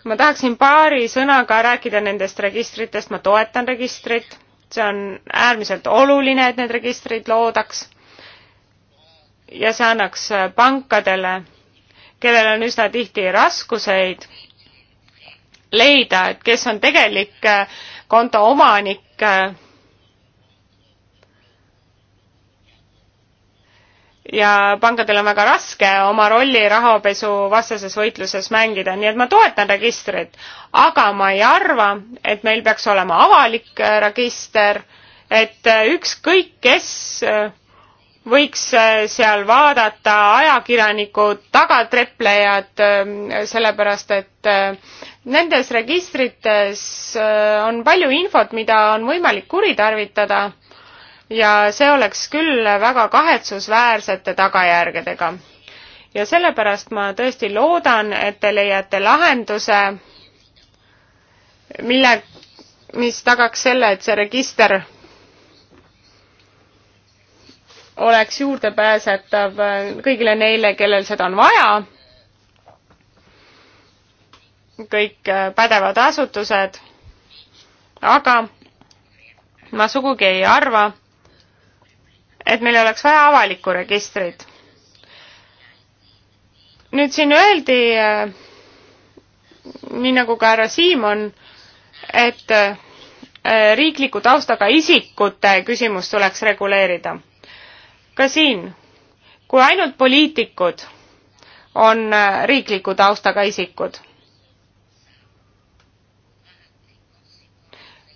ma tahaksin paari sõnaga rääkida nendest registritest, ma toetan registrit, see on äärmiselt oluline, et need registrid loodaks ja see annaks pankadele kellel on üsna tihti raskuseid leida, et kes on tegelik äh, konto omanik. Äh, ja pankadel on väga raske oma rolli rahapesuvastases võitluses mängida, nii et ma toetan registrit, aga ma ei arva, et meil peaks olema avalik äh, register, et ükskõik kes võiks äh, seal vaadata ajakirjanikud, tagatreplejad, ähm, sellepärast et äh, nendes registrites äh, on palju infot, mida on võimalik kuritarvitada ja see oleks küll väga kahetsusväärsete tagajärgedega. ja sellepärast ma tõesti loodan, et te leiate lahenduse, mille, mis tagaks selle, et see register oleks juurdepääsetav äh, kõigile neile, kellel seda on vaja. kõik äh, pädevad asutused. aga ma sugugi ei arva, et meil oleks vaja avalikku registrit. nüüd siin öeldi, äh, nii nagu ka härra Siimon, et riikliku taustaga isikute küsimus tuleks reguleerida ka siin, kui ainult poliitikud on äh, riikliku taustaga isikud,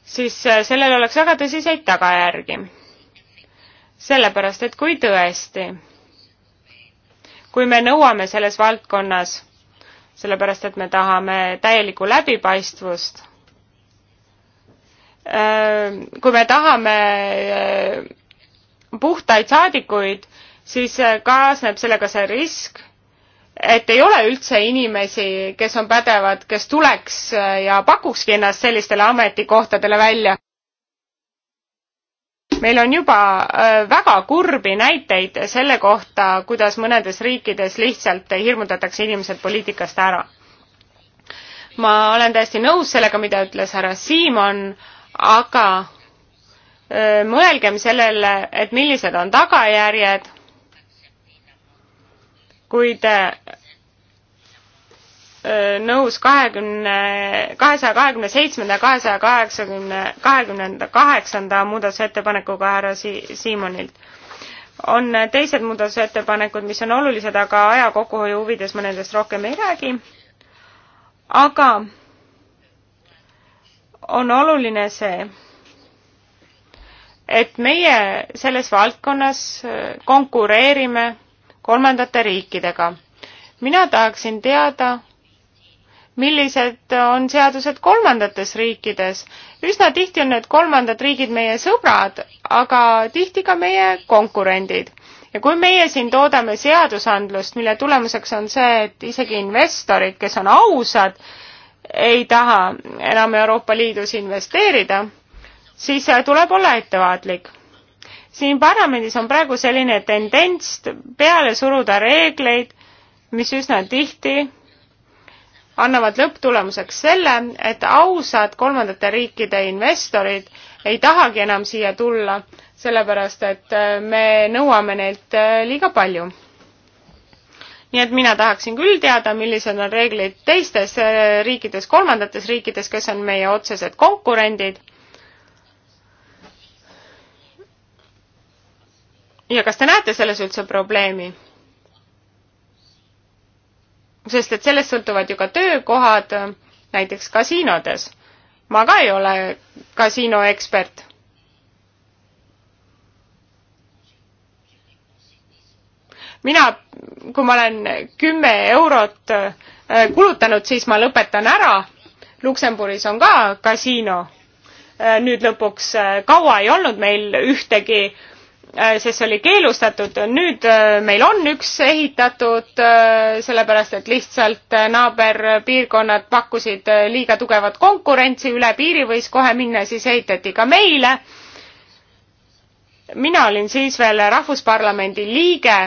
siis äh, sellel oleks väga tõsiseid tagajärgi. sellepärast, et kui tõesti, kui me nõuame selles valdkonnas, sellepärast et me tahame täielikku läbipaistvust, äh, kui me tahame puhtaid saadikuid, siis äh, kaasneb sellega see risk, et ei ole üldse inimesi, kes on pädevad, kes tuleks äh, ja pakukski ennast sellistele ametikohtadele välja. meil on juba äh, väga kurbi näiteid selle kohta, kuidas mõnedes riikides lihtsalt hirmutatakse inimesed poliitikast ära. ma olen täiesti nõus sellega, mida ütles härra Siimon, aga mõelgem sellele, et millised on tagajärjed, kui te nõus kahekümne, kahesaja kahekümne seitsmenda, kahesaja kaheksakümne, kahekümnenda kaheksanda muudatusettepanekuga härra Si-, Siimonilt. on teised muudatusettepanekud, mis on olulised, aga aja kokkuhoiu huvides ma nendest rohkem ei räägi. aga on oluline see, et meie selles valdkonnas äh, konkureerime kolmandate riikidega. mina tahaksin teada, millised on seadused kolmandates riikides. üsna tihti on need kolmandad riigid meie sõbrad, aga tihti ka meie konkurendid. ja kui meie siin toodame seadusandlust, mille tulemuseks on see, et isegi investorid, kes on ausad, ei taha enam Euroopa Liidus investeerida siis äh, tuleb olla ettevaatlik. siin parlamendis on praegu selline tendents peale suruda reegleid, mis üsna tihti annavad lõpptulemuseks selle, et ausad kolmandate riikide investorid ei tahagi enam siia tulla, sellepärast et äh, me nõuame neilt äh, liiga palju. nii et mina tahaksin küll teada, millised on reeglid teistes riikides, kolmandates riikides, kes on meie otsesed konkurendid ja kas te näete selles üldse probleemi? sest et sellest sõltuvad ju ka töökohad, näiteks kasiinodes. ma ka ei ole kasiinoekspert. mina, kui ma olen kümme eurot äh, kulutanud, siis ma lõpetan ära. Luksemburgis on ka kasiino. Äh, nüüd lõpuks äh, kaua ei olnud meil ühtegi äh, Äh, sest see oli keelustatud. nüüd äh, meil on üks ehitatud, äh, sellepärast et lihtsalt naaberpiirkonnad pakkusid liiga tugevat konkurentsi, üle piiri võis kohe minna, siis ehitati ka meile. mina olin siis veel Rahvusparlamendi liige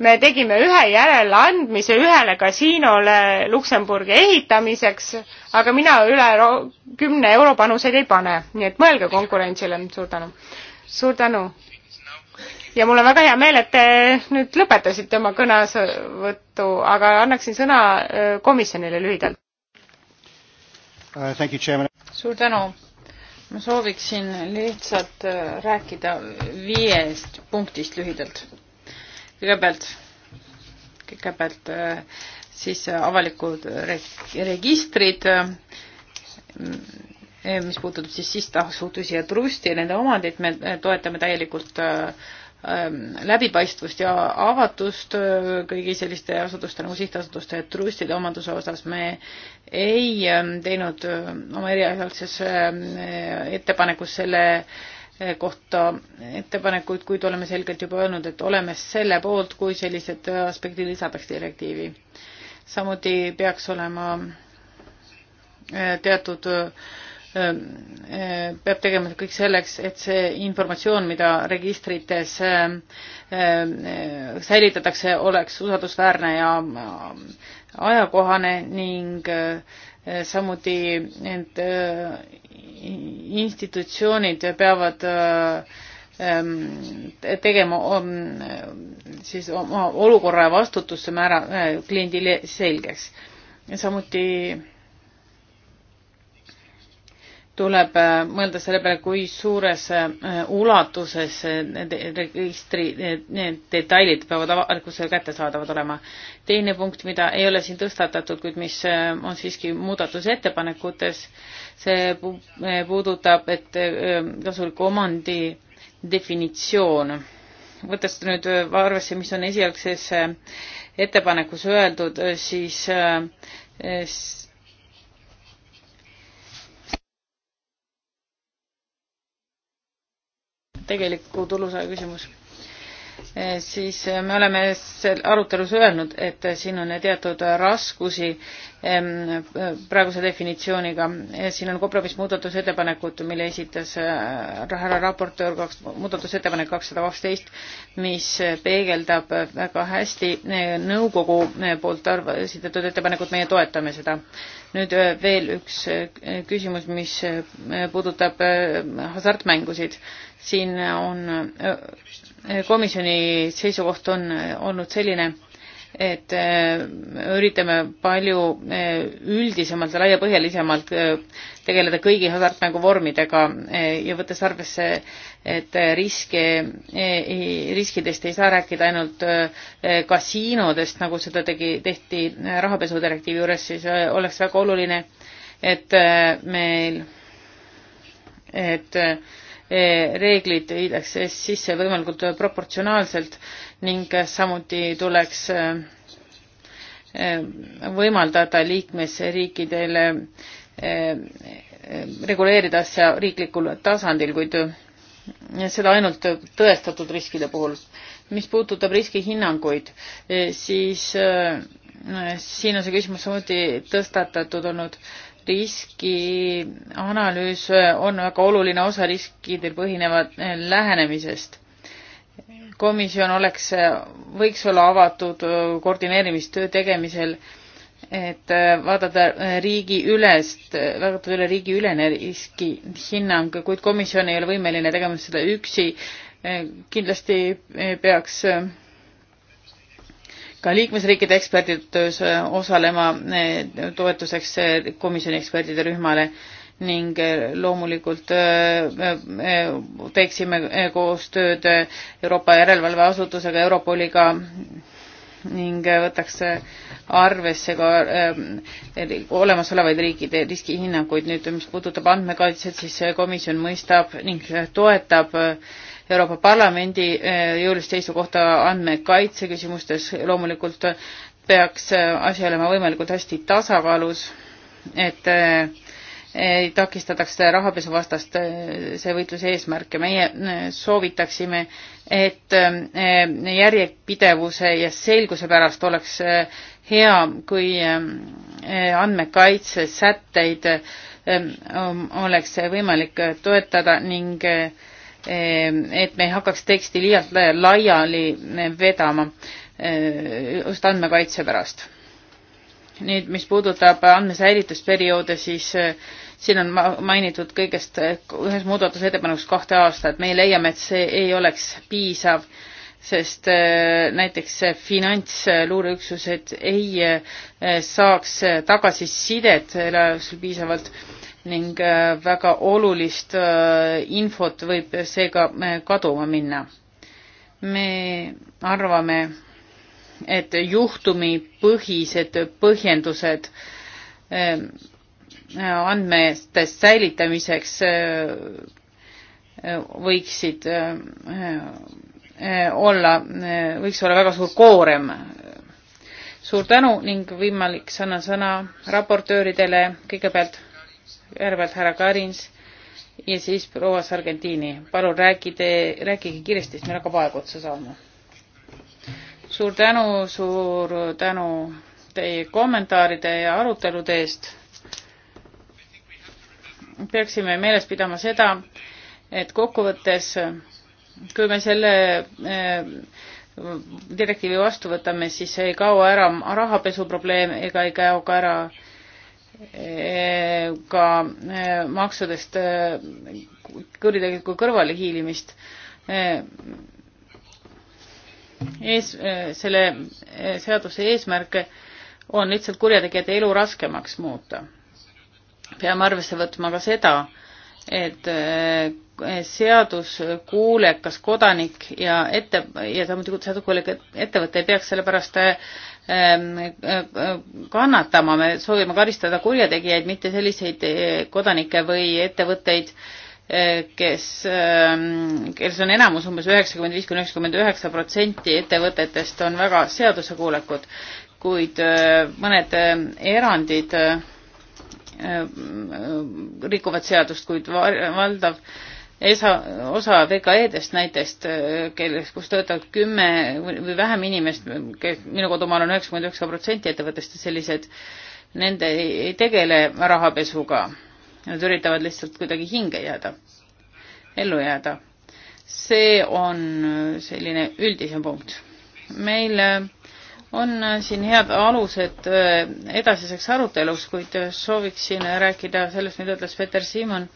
me tegime ühe järeleandmise ühele kasiinole Luksemburgi ehitamiseks, aga mina üle kümne euro panuseid ei pane, nii et mõelge konkurentsile, suur tänu. suur tänu ja mul on väga hea meel, et te nüüd lõpetasite oma kõnesõnavõttu, aga annaksin sõna äh, komisjonile lühidalt uh,. suur tänu. ma sooviksin lihtsalt äh, rääkida viiest punktist lühidalt. kõigepealt, kõigepealt äh, siis avalikud registrid mis puudutab siis sihtasutusi ja trusti ja nende omandit, me toetame täielikult äh, Ähm, läbipaistvust ja avatust äh, kõigi selliste asutuste nagu sihtasutuste ja trustide omanduse osas me ei ähm, teinud äh, oma erialases ähm, ettepanekus selle äh, kohta ettepanekuid, kuid oleme selgelt juba öelnud, et oleme selle poolt, kui sellised aspektid lisataks direktiivi. samuti peaks olema teatud äh, Ehm, eh, peab tegema kõik selleks, et see informatsioon, mida registrites ehm, ehm, eh, säilitatakse, oleks usaldusväärne ja äh, ajakohane ning äh, samuti need äh, institutsioonid peavad tegema siis oma olukorra ja vastutuse määra kliendile selgeks. samuti tuleb äh, mõelda selle peale, kui suures äh, ulatuses äh, need registri need detailid peavad avalikkusele kättesaadavad olema. teine punkt, mida ei ole siin tõstatatud, kuid mis on siiski muudatusettepanekutes, see puudutab, et kasuliku omandi definitsioon. võttes nüüd arvesse, mis on esialgses ettepanekus öeldud, siis tegeliku tulusaaja küsimus Eh, siis eh, me oleme arutelus öelnud, et eh, siin on teatud raskusi ehm, praeguse definitsiooniga. siin on kompromiss muudatusettepanekut, mille esitas härra raportöör kaks, muudatusettepanek kakssada kaksteist, mis peegeldab väga hästi nõukogu poolt arv-, esitatud ettepanekut, meie toetame seda. nüüd veel üks küsimus, mis puudutab hasartmängusid. siin on Eh, komisjoni seisukoht on eh, olnud selline, et eh, üritame palju üldisemalt ja laiapõhjalisemalt tegeleda kõigi hasartmänguvormidega ja võttes arvesse, et riske, riskidest ei saa rääkida ainult kasiinodest, nagu seda tegi, tehti rahapesudirektiivi juures, siis oleks väga oluline, et meil, et Eh, reeglid viidaks sisse võimalikult proportsionaalselt ning samuti tuleks eh, võimaldada liikmesriikidele eh, reguleerida asja riiklikul tasandil, kuid seda ainult tõestatud riskide puhul. mis puudutab riskihinnanguid, siis siin on see küsimus samuti tõstatatud olnud riskianalüüs on väga oluline osa riskidel põhinevat eh, lähenemisest. komisjon oleks, eh, võiks olla avatud eh, koordineerimistöö tegemisel, et vaadata riigiülest, vaadata üle riigiülene riski hinnang, kuid komisjon ei ole võimeline tegema seda üksi. kindlasti peaks ka liikmesriikide eksperdid töös äh, osalema äh, toetuseks äh, komisjoni ekspertide rühmale ning loomulikult teeksime koostööd Euroopa järelevalveasutusega, Europoliga ning võtaks arvesse ka olemasolevaid riikide riskihinnanguid. nüüd, mis puudutab andmekaitset, siis komisjon mõistab ning toetab äh, Euroopa Parlamendi eh, jõulist seisukohta andmekaitse küsimustes. loomulikult peaks eh, asi olema võimalikult hästi tasakaalus, et eh, ei takistataks rahapesuvastast see võitluse eesmärke. meie soovitaksime, et järjepidevuse ja selguse pärast oleks hea, kui andmekaitsesätteid oleks võimalik toetada ning äh, Ehm, et me ei hakkaks teksti liialt laiali eh, vedama eh, just andmekaitse pärast. nüüd, mis puudutab andmesäilitusperioode, siis eh, siin on mainitud kõigest ühes muudatusettepanekus kahte aastat, meie leiame, et see ei oleks piisav sest näiteks finantsluureüksused ei saaks tagasisidet piisavalt ning äh, väga olulist äh, infot võib seega äh, kaduma minna. me arvame, et juhtumipõhised põhjendused ähm, andmete säilitamiseks võiksid olla, võiks olla väga suur koorem. suur tänu ning võimalik sõna-sõna raportööridele kõigepealt järvelt härra Karins ja siis proua Sargentini. palun rääkige, rääkige kiiresti, sest meil hakkab aeg otsa saama. suur tänu, suur tänu teie kommentaaride ja arutelude eest. peaksime meeles pidama seda, et kokkuvõttes, kui me selle eh, direktiivi vastu võtame, siis ei kao ära rahapesu probleem ega ei kao ka ära Eh, ka eh, maksudest eh, kuritegelikku kõrvalehiilimist. ees, selle seaduse eesmärk on lihtsalt kurjategijate elu raskemaks muuta. peame arvesse võtma ka seda, et seaduskuulekas kodanik ja ette ja samuti seaduskuulekas ettevõte ei peaks selle pärast Ähm, äh, kannatama, me soovime karistada kurjategijaid, mitte selliseid äh, kodanikke või ettevõtteid, äh, kes, ähm, kes on enamus umbes üheksakümmend viis kuni üheksakümmend üheksa protsenti ettevõtetest on väga seadusekuulekud, kuid mõned erandid rikuvad seadust, kuid valdav esa, osa VKE-dest näiteks, äh, kelles, kus töötab kümme või vähem inimest, minu kodumaal on üheksakümmend üheksa protsenti ettevõttest sellised, nende ei, ei tegele rahapesuga. Nad üritavad lihtsalt kuidagi hinge jääda, ellu jääda. see on selline üldisem punkt. meil äh, on äh, siin head alused edasiseks aruteluks, kuid sooviksin rääkida sellest, mida ütles Peter Siimon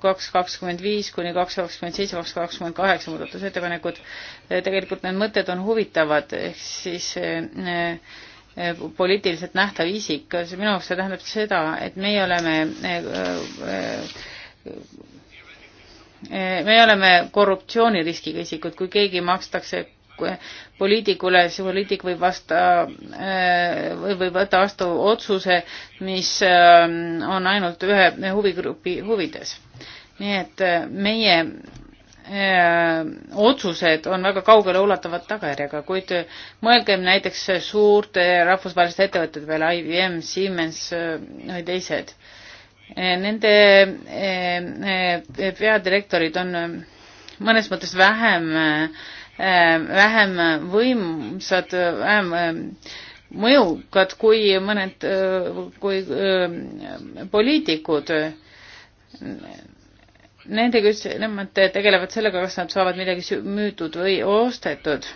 kaks kakskümmend viis kuni kaks kakskümmend seitse, kaks kakskümmend kaheksa muudatusettepanekut. tegelikult need mõtted on huvitavad, ehk siis eh, eh, poliitiliselt nähtav isik, minu jaoks see tähendab seda, et meie oleme eh, me oleme korruptsiooniriskiga isikud, kui keegi makstakse poliitikule, see poliitik võib vasta, äh, võib võtta vastu otsuse, mis äh, on ainult ühe huvigrupi huvides. nii et äh, meie otsused on väga kaugeleulatuvad tagajärjega, kuid mõelgem näiteks suurte rahvusvaheliste ettevõtete peale, IBM, Siemens või teised. Nende peadirektorid on mõnes mõttes vähem äh, Äh, vähem äh, võimsad, äh, vähem mõjukad kui mõned, kui poliitikud. Nende, kes, nemad tegelevad sellega, kas nad saavad midagi müüdud või ostetud.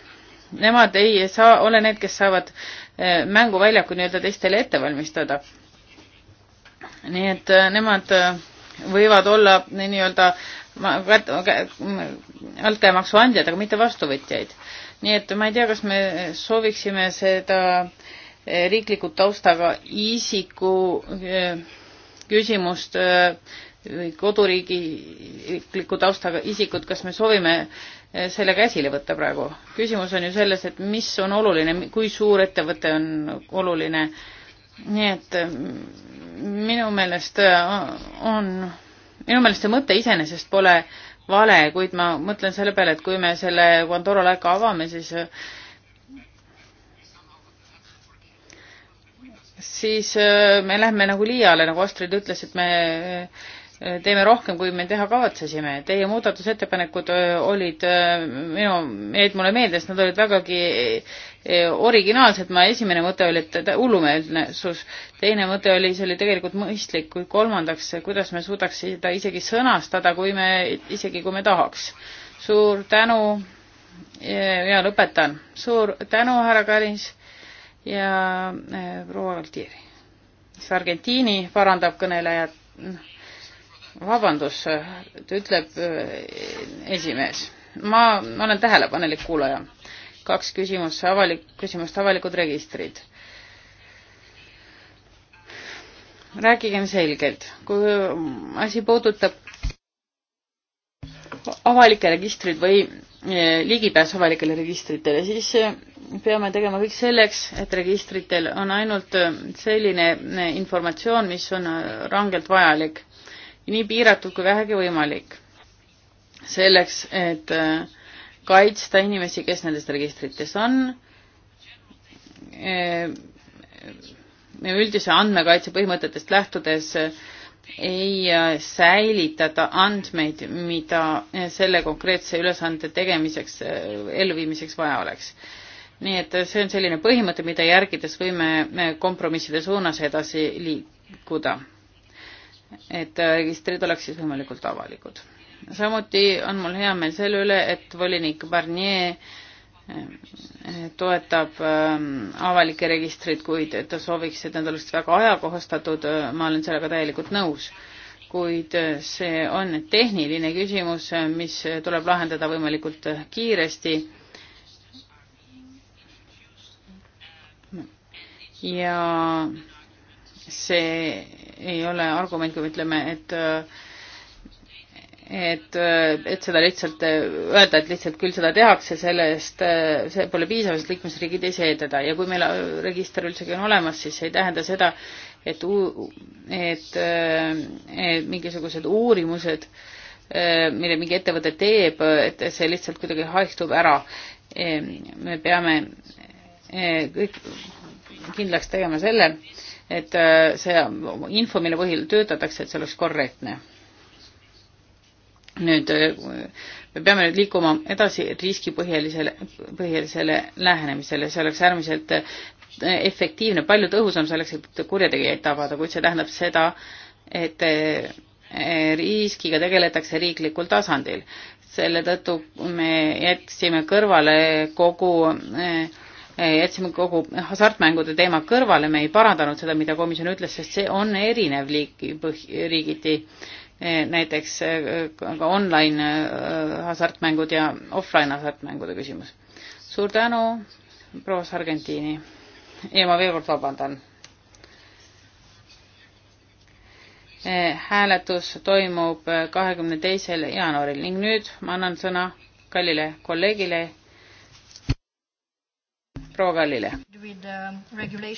Nemad ei saa, ole need, kes saavad mänguväljaku nii-öelda teistele ette valmistada. nii et nemad äh, võivad olla nii-öelda altkäemaksu andjad, aga mitte vastuvõtjaid. nii et ma ei tea, kas me sooviksime seda eh, riikliku taustaga isiku eh, küsimust eh, või koduriigi riikliku taustaga isikut, kas me soovime selle käsile võtta praegu. küsimus on ju selles, et mis on oluline, kui suur ettevõte on oluline nii et mm, minu meelest äh, on, minu meelest see mõte iseenesest pole vale, kuid ma mõtlen selle peale, et kui me selle Pandora laeka avame, siis siis äh, me lähme nagu liiale, nagu Astrid ütles, et me Äh, teeme rohkem, kui me teha kavatsesime. Teie muudatusettepanekud äh, olid äh, minu, jäid mulle meelde, sest nad olid vägagi originaalsed. ma esimene mõte oli, et hullumeelsus. teine mõte oli, see oli tegelikult mõistlik. kui kolmandaks, kuidas me suudaks seda isegi sõnastada, kui me, isegi kui me tahaks. suur tänu ja lõpetan. suur tänu, härra Karis ja proua Altieri. Argentiini parandab kõnelejat vabandust, ütleb äh, esimees. ma, ma olen tähelepanelik kuulaja. kaks küsimust, avalik, küsimust, avalikud registrid. rääkigem selgelt, kui asi puudutab avalikke registreid või äh, ligipääs avalikele registritele, siis äh, peame tegema kõik selleks, et registritel on ainult selline informatsioon, mis on rangelt vajalik nii piiratud kui vähegi võimalik. selleks, et äh, kaitsta inimesi, kes nendes registrites on, äh, üldise andmekaitse põhimõtetest lähtudes äh, ei säilitata andmeid, mida selle konkreetse ülesande tegemiseks, elluviimiseks vaja oleks. nii et see on selline põhimõte, mida järgides võime kompromisside suunas edasi liikuda et registrid oleks siis võimalikult avalikud. samuti on mul hea meel selle üle, et volinik Barnier eh, toetab ehm, avalikke registreid, kuid ta sooviks, et nad oleksid väga ajakohastatud, ma olen sellega täielikult nõus. kuid see on tehniline küsimus, mis tuleb lahendada võimalikult kiiresti. ja see ei ole argument, kui me ütleme, et et, et seda lihtsalt öelda, et lihtsalt küll seda tehakse, selle eest, see pole piisav, sest liikmesriigid ei see teda ja kui meil register üldsegi on olemas, siis see ei tähenda seda, et, et, et mingisugused uurimused, mille mingi ettevõte teeb, et see lihtsalt kuidagi haihtub ära. me peame kõik kindlaks tegema selle, et äh, see info, mille põhil töötatakse, et see oleks korrektne. nüüd äh, me peame nüüd liikuma edasi riskipõhjalisele, põhjalisele lähenemisele, see oleks äärmiselt äh, efektiivne, palju tõhusam selleks, et kurjategijaid tabada, kuid see tähendab seda, et riskiga tegeletakse riiklikul tasandil. selle tõttu me jätsime kõrvale kogu äh, Eh, jätsime kogu hasartmängude teema kõrvale, me ei parandanud seda, mida komisjon ütles, sest see on erinev liiki põh-, riigiti. Eh, näiteks eh, ka online hasartmängud ja offline hasartmängude küsimus. suur tänu, proua Sargentini. ja ma veel kord vabandan. hääletus toimub kahekümne teisel jaanuaril ning nüüd ma annan sõna kallile kolleegile proua Kallile. Uh,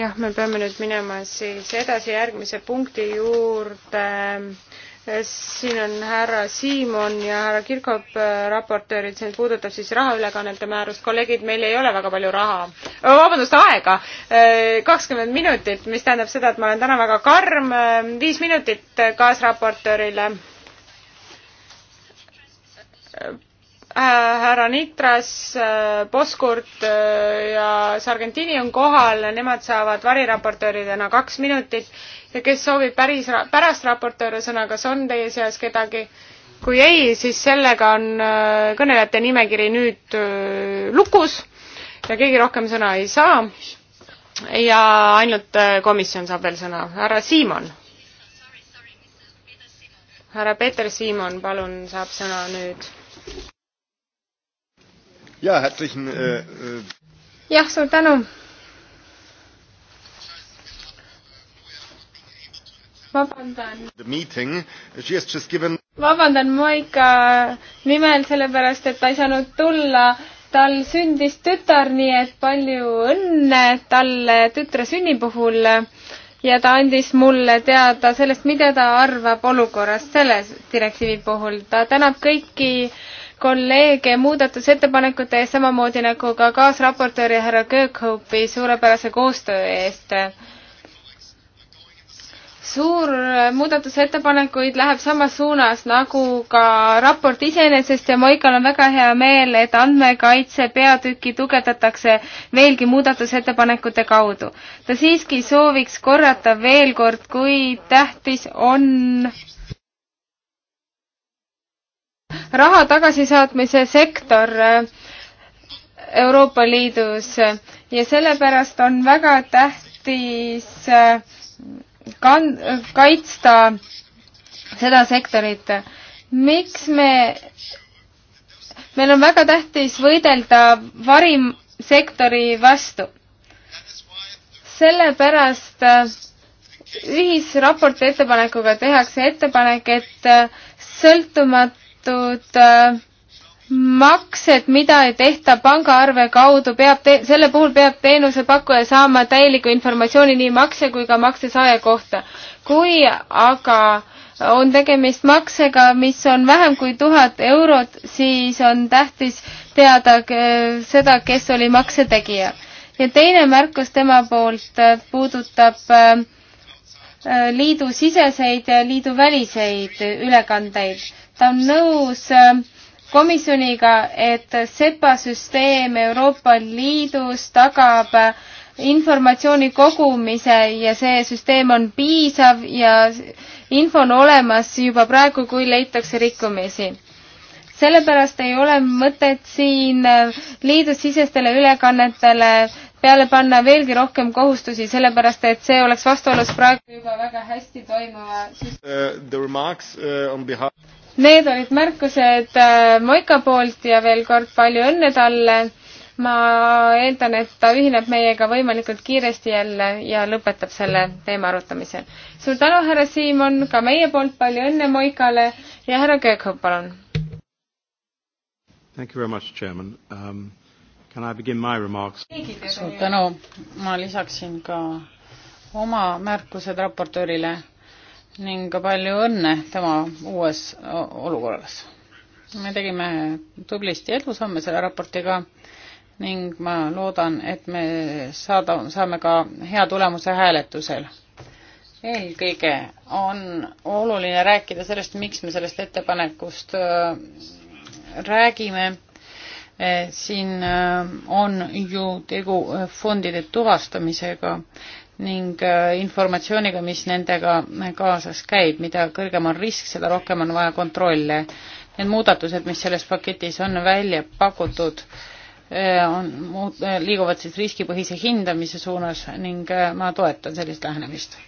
jah, me peame nüüd minema siis edasi järgmise punkti juurde. siin on härra Siimon ja härra Kirkop äh, raportöörid, see nüüd puudutab siis rahaülekannete määrust. kolleegid, meil ei ole väga palju raha, vabandust, aega, kakskümmend minutit, mis tähendab seda, et ma olen täna väga karm, viis minutit kaasraportöörile Äh, härra Nitras, äh, Poskurt äh, ja Sargentini on kohal, nemad saavad variraportööridena kaks minutit ja kes soovib päris, pärast raportööri sõna, kas on teie seas kedagi? kui ei, siis sellega on kõnelejate nimekiri nüüd lukus ja keegi rohkem sõna ei saa. ja ainult komisjon saab veel sõna. härra Siimon. härra Peeter Siimon, palun, saab sõna nüüd jah, äh, äh, suur tänu. vabandan. Given... vabandan Moika nimel, sellepärast et ta ei saanud tulla. tal sündis tütar, nii et palju õnne talle tütre sünni puhul ja ta andis mulle teada sellest, mida ta arvab olukorrast selle direktiivi puhul. ta tänab kõiki äh, kolleege muudatusettepanekute eest, samamoodi nagu ka kaasraportööri härra Köökhopi suurepärase koostöö eest suur muudatusettepanekuid läheb samas suunas nagu ka raport iseenesest ja Moikal on väga hea meel, et andmekaitse peatükki tugevdatakse veelgi muudatusettepanekute kaudu. ta siiski sooviks korrata veel kord, kui tähtis on äh, raha tagasisaatmise sektor äh, Euroopa Liidus ja sellepärast on väga tähtis äh, kan-, kaitsta seda sektorit. miks me, meil on väga tähtis võidelda varimsektori vastu. sellepärast äh, ühisraporti ettepanekuga tehakse ettepanek, et sõltumatu teatud äh, maksed, mida ei tehta pangaarve kaudu, peab te-, selle puhul peab teenusepakkuja saama täielikku informatsiooni nii makse kui ka maksesaaja kohta. kui aga on tegemist maksega, mis on vähem kui tuhat eurot, siis on tähtis teada äh, seda, kes oli makse tegija. ja teine märkus tema poolt äh, puudutab liidu siseseid ja liidu väliseid ülekandeid ta on nõus äh, komisjoniga, et SEPA süsteem Euroopa Liidus tagab äh, informatsiooni kogumise ja see süsteem on piisav ja info on olemas juba praegu, kui leitakse rikkumisi sellepärast ei ole mõtet siin äh, liidusisestele ülekannetele peale panna veelgi rohkem kohustusi, sellepärast et see oleks vastuolus praegu juba väga hästi toimuva uh, remarks, uh, behalf... Need olid märkused äh, Moika poolt ja veel kord palju õnne talle. ma eeldan, et ta ühineb meiega võimalikult kiiresti jälle ja lõpetab selle teema arutamise. suur tänu, härra Siimon, ka meie poolt palju õnne Moikale ja härra Köökhoop, palun. Thank you very much, chairman um,. Can I begin my remarks? suur tänu, ma lisaksin ka oma märkused raportöörile ning palju õnne tema uues olukorras. me tegime tublisti edusamme selle raportiga ning ma loodan, et me saada, saame ka hea tulemuse hääletusel. eelkõige on oluline rääkida sellest, miks me sellest ettepanekust äh, räägime. Äh, siin äh, on ju tegu fondide tuvastamisega ning äh, informatsiooniga, mis nendega kaasas käib, mida kõrgem on risk, seda rohkem on vaja kontrolle. Need muudatused, mis selles paketis on välja pakutud, äh, on, äh, liiguvad siis riskipõhise hindamise suunas ning ma toetan sellist lähenemist.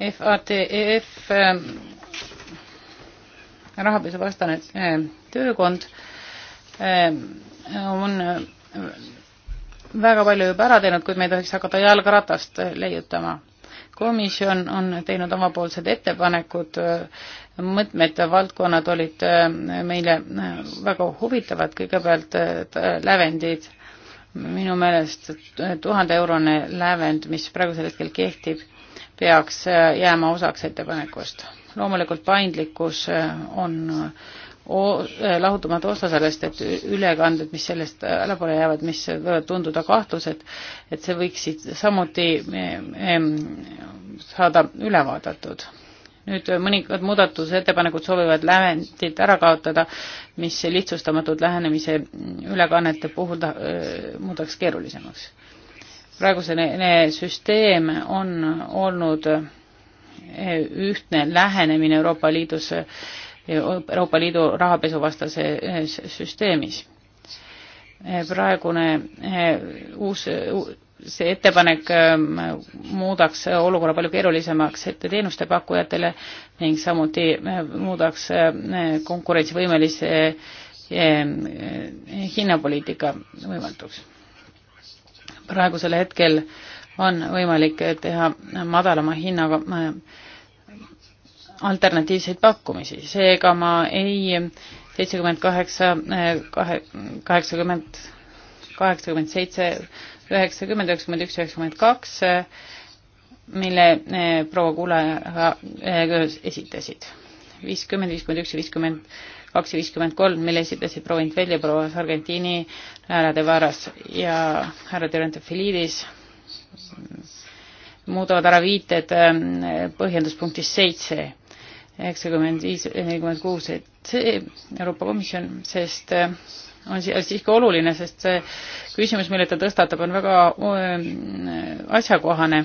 FATF e rahapesuvastane töökond on väga palju juba ära teinud, kuid me ei tohiks hakata jalgratast leiutama. komisjon on teinud omapoolsed ettepanekud, mõtmed, valdkonnad olid äh, meile äh, väga huvitavad, kõigepealt äh, lävendid, minu meelest tuhandeeurone lävend, mis praegusel hetkel kehtib, peaks jääma osaks ettepanekust. loomulikult paindlikkus on Äh, lahutamatu osa sellest, et ülekanded, mis sellest äh, ärapoole jäävad, mis võivad tunduda kahtlused, et see võiksid samuti saada üle vaadatud. nüüd äh, mõningad muudatusettepanekud soovivad lävendid ära kaotada, mis lihtsustamatud lähenemise ülekannete puhul ta, muudaks keerulisemaks. praegusene süsteem on olnud ühtne lähenemine Euroopa Liidus Euroopa Liidu rahapesuvastases eh, süsteemis. Eh, praegune eh, uus, see ettepanek muudaks olukorra palju keerulisemaks teenuste pakkujatele ning samuti muudaks konkurentsivõimelise hinnapoliitika võimalduks. praegusel hetkel on võimalik teha madalama hinnaga alternatiivseid pakkumisi, seega ma ei seitsekümmend kaheksa, kahe, kaheksakümmend, kaheksakümmend seitse, üheksakümmend, üheksakümmend üks, üheksakümmend kaks, mille eh, proua kuulaja eh, esitasid. viiskümmend, viiskümmend üks ja viiskümmend kaks ja viiskümmend kolm, mille esitasid proua Intveli ja proua Sargentini, härra De Varas ja härra Durante Filidis mm, muudavad ära viited eh, põhjenduspunktis seitse üheksakümmend viis, nelikümmend kuus, et see Euroopa Komisjon, sest äh, on siiski oluline, sest see küsimus, mille ta tõstatab, on väga äh, asjakohane.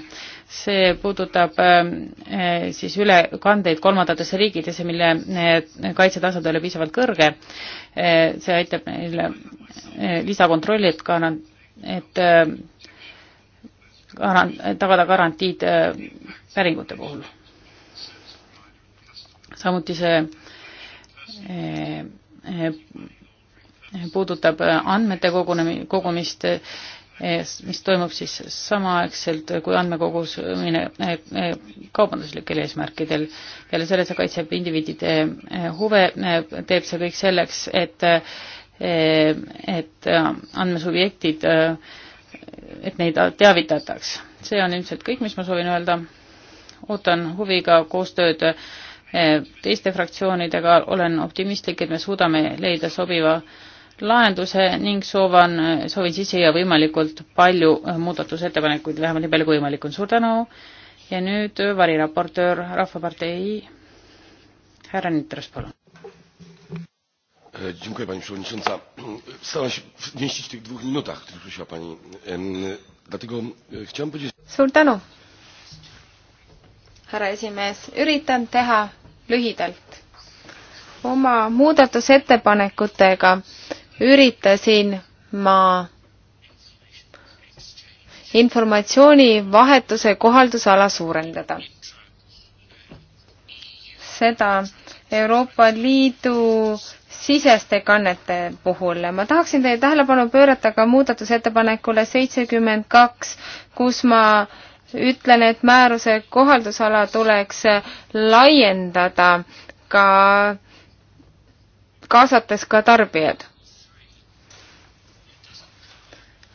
see puudutab äh, siis ülekandeid kolmandatesse riikidesse, mille kaitsetasand ei ole piisavalt kõrge. see aitab neile lisakontrolli, et garan-, et garan-, tagada garantiid päringute puhul samuti see eh, eh, puudutab andmete kogunemi-, kogumist, eh, mis toimub siis samaaegselt kui andmekogumine kaubanduslikel eesmärkidel. peale selle see kaitseb indiviidide huve, teeb see kõik selleks, et, et andmesubjektid, et neid teavitataks. see on ilmselt kõik, mis ma soovin öelda. ootan huviga koostööd Eh, teiste fraktsioonidega, olen optimistlik, et me suudame leida sobiva lahenduse ning soovan, eh, soovin sisse viia võimalikult palju eh, muudatusettepanekuid, vähemalt nii palju kui võimalik on. suur tänu ja nüüd variraportöör Rahvapartei, härra Nitras, palun. Dziękuję Pani Przewodnicząca. Staram się zmieścić w tych dwóch minutach, które prosiła Pani. Dlatego e, chciałem powiedzieć... Suur tänu, härra esimees. Üritan teha lühidalt. oma muudatusettepanekutega üritasin ma informatsioonivahetuse kohaldusala suurendada. seda Euroopa Liidu siseste kannete puhul. ma tahaksin teie tähelepanu pöörata ka muudatusettepanekule seitsekümmend kaks, kus ma ütlen, et määruse kohaldusala tuleks laiendada ka, kaasates ka tarbijad.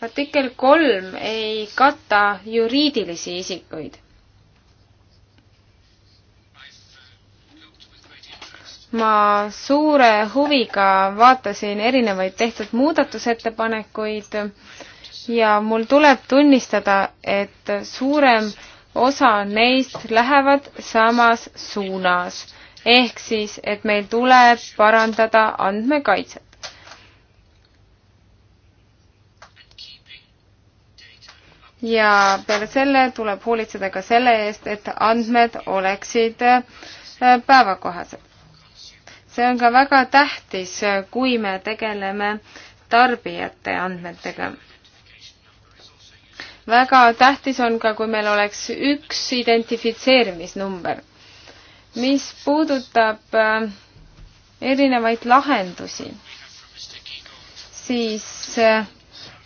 artikkel kolm ei kata juriidilisi isikuid. ma suure huviga vaatasin erinevaid tehtud muudatusettepanekuid ja mul tuleb tunnistada, et suurem osa neist lähevad samas suunas ehk siis, et meil tuleb parandada andmekaitset. ja peale selle tuleb hoolitseda ka selle eest, et andmed oleksid äh, päevakohased. see on ka väga tähtis, kui me tegeleme tarbijate andmetega väga tähtis on ka, kui meil oleks üks identifitseerimisnumber. mis puudutab äh, erinevaid lahendusi, siis äh,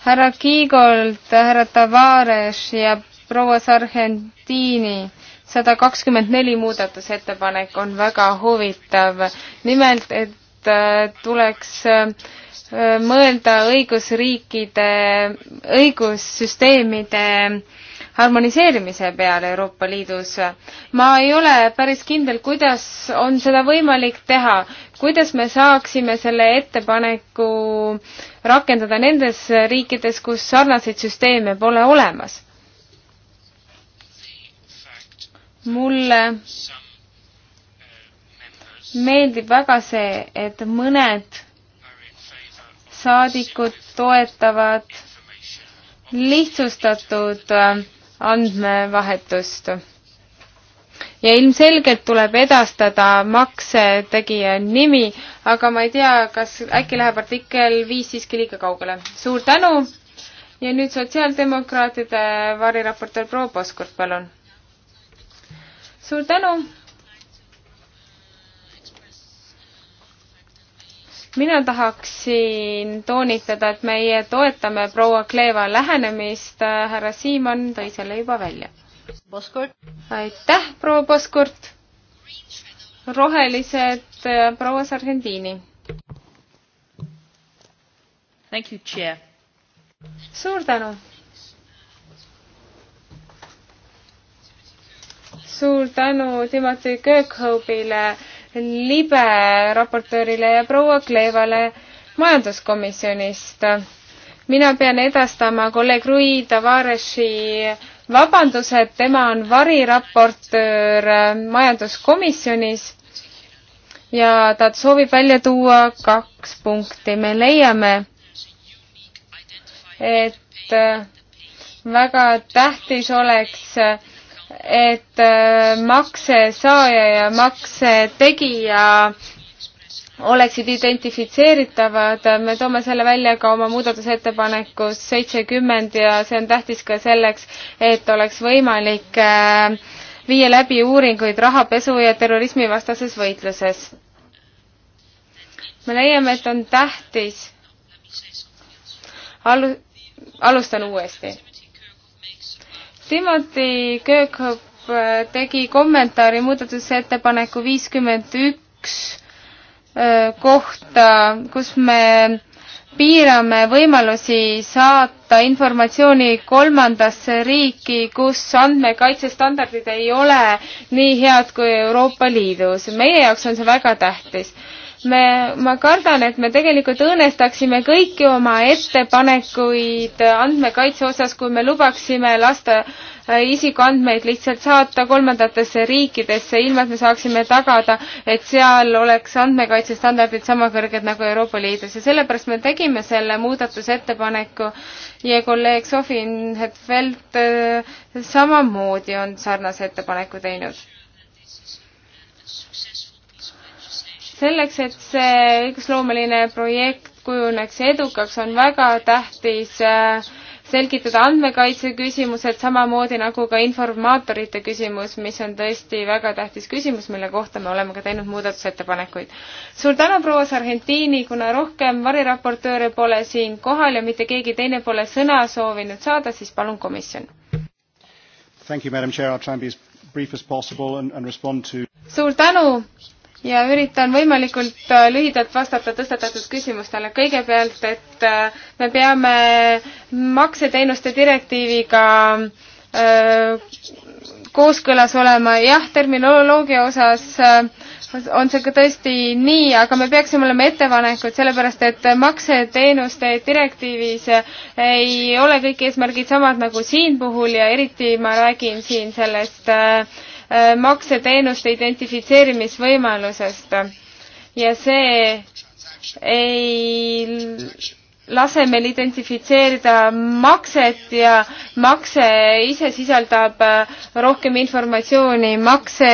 härra Kiigolt, härra Tavares ja proua Sargentini sada kakskümmend neli muudatusettepanek on väga huvitav. nimelt, et Äh, tuleks äh, mõelda õigusriikide, õigussüsteemide harmoniseerimise peale Euroopa Liidus. ma ei ole päris kindel, kuidas on seda võimalik teha, kuidas me saaksime selle ettepaneku rakendada nendes riikides, kus sarnaseid süsteeme pole olemas. mulle meeldib väga see, et mõned saadikud toetavad lihtsustatud äh, andmevahetust. ja ilmselgelt tuleb edastada makse tegija nimi, aga ma ei tea, kas äkki läheb artikkel viis siiski liiga kaugele. suur tänu ja nüüd sotsiaaldemokraatide variraportöör proua Poskurt, palun. suur tänu mina tahaksin toonitada, et meie toetame proua Kleeva lähenemist, härra Siimann tõi selle juba välja. aitäh, proua Poskurt! rohelised, proua Sargentini. suur tänu! suur tänu Timothy Kirkhope'ile libe raportöörile ja proua Kleevale majanduskomisjonist. mina pean edastama kolleeg Rui Tavareši vabandused, tema on variraportöör majanduskomisjonis ja ta soovib välja tuua kaks punkti. me leiame, et väga tähtis oleks et äh, maksesaaja ja maksetegija oleksid identifitseeritavad, me toome selle välja ka oma muudatusettepanekus seitsekümmend ja see on tähtis ka selleks, et oleks võimalik äh, viia läbi uuringuid rahapesu ja terrorismivastases võitluses. me leiame, et on tähtis alu-, alustan uuesti Timothy Kirkhope äh, tegi kommentaari muudatusettepaneku viiskümmend üks äh, kohta, kus me piirame võimalusi saata informatsiooni kolmandasse riiki, kus andmekaitsestandardid ei ole nii head kui Euroopa Liidus. meie jaoks on see väga tähtis me, ma kardan, et me tegelikult õõnestaksime kõiki oma ettepanekuid andmekaitse osas, kui me lubaksime lasta äh, isikuandmeid lihtsalt saata kolmandatesse riikidesse, ilma et me saaksime tagada, et seal oleks andmekaitsestandardid sama kõrged nagu Euroopa Liidus ja sellepärast me tegime selle muudatusettepaneku ja kolleeg Sofi Inhetfeld äh, samamoodi on sarnase ettepaneku teinud selleks, et see õigusloomeline projekt kujuneks edukaks, on väga tähtis äh, selgitada andmekaitse küsimused, samamoodi nagu ka informaatorite küsimus, mis on tõesti väga tähtis küsimus, mille kohta me oleme ka teinud muudatusettepanekuid. suur tänu, proua Sargentini, kuna rohkem variraportööre pole siin kohal ja mitte keegi teine pole sõna soovinud saada, siis palun komisjon. Thank you, madam chair, I will try and be as brief as possible and, and respond to suur tänu, ja üritan võimalikult äh, lühidalt vastata tõstatatud küsimustele. kõigepealt, et äh, me peame makseteenuste direktiiviga äh, kooskõlas olema. jah, terminoloogia osas on see ka tõesti nii, aga me peaksime olema ettepanekud, sellepärast et makseteenuste direktiivis ei ole kõik eesmärgid samad nagu siin puhul ja eriti ma räägin siin sellest äh, Äh, makseteenuste identifitseerimisvõimalusest ja see ei lase meil identifitseerida makset ja makse ise sisaldab äh, rohkem informatsiooni makse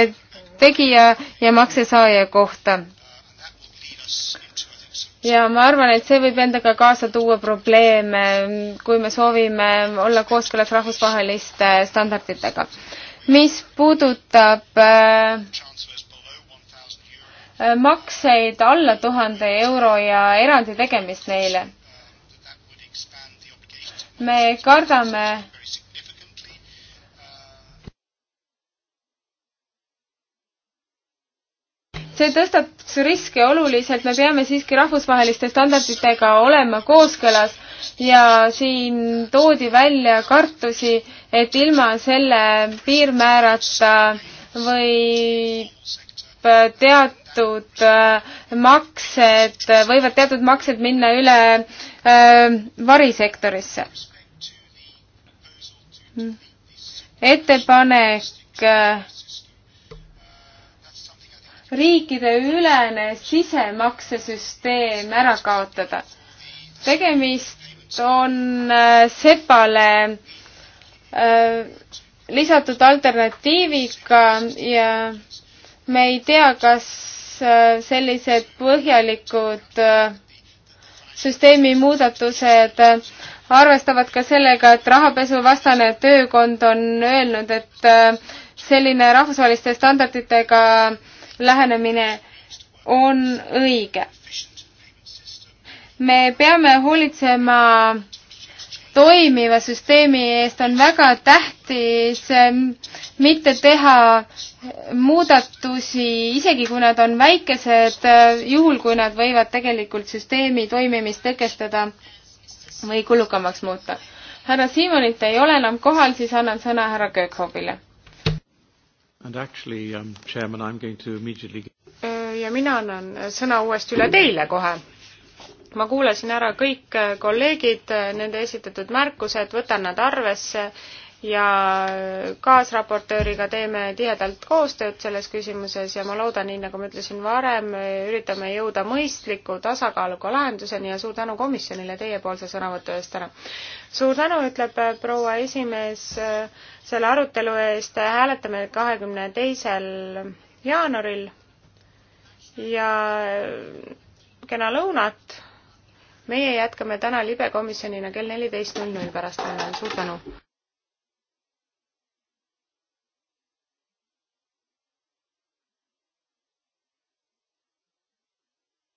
tegija ja maksesaaja kohta. ja ma arvan, et see võib endaga kaasa tuua probleeme, kui me soovime olla kooskõlas rahvusvaheliste standarditega mis puudutab äh, makseid alla tuhande euro ja erandi tegemist neile. me kardame, see tõstab riske oluliselt, me peame siiski rahvusvaheliste standarditega olema kooskõlas ja siin toodi välja kartusi, et ilma selle piirmäärata võib teatud äh, maksed, võivad teatud maksed minna üle äh, varisektorisse. ettepanek äh, riikideülene sisemaksesüsteem ära kaotada tegemist on äh, sepale äh, lisatud alternatiiviga ja me ei tea, kas äh, sellised põhjalikud süsteemi muudatused arvestavad ka sellega, et rahapesuvastane töökond on öelnud, et selline rahvusvaheliste standarditega lähenemine on õige me peame hoolitsema toimiva süsteemi eest on väga tähtis ähm, mitte teha muudatusi, isegi kui nad on väikesed, äh, juhul kui nad võivad tegelikult süsteemi toimimist tõkestada või kulukamaks muuta. härra Siimonit ei ole enam kohal, siis annan sõna härra Köökhobile. Um, immediately... Äh, ja mina annan sõna uuesti üle teile kohe ma kuulasin ära kõik äh, kolleegid, äh, nende esitatud märkused, võtan nad arvesse ja äh, kaasraportööriga teeme tihedalt koostööd selles küsimuses ja ma loodan, nii nagu ma ütlesin varem, üritame jõuda mõistliku tasakaaluga lahenduseni ja suur tänu komisjonile teiepoolse sõnavõtu eest täna. suur tänu, ütleb proua esimees selle arutelu eest, hääletame kahekümne teisel jaanuaril ja kena lõunat meie jätkame täna libekomisjonina kell neliteist null null pärastlõunal, suur tänu!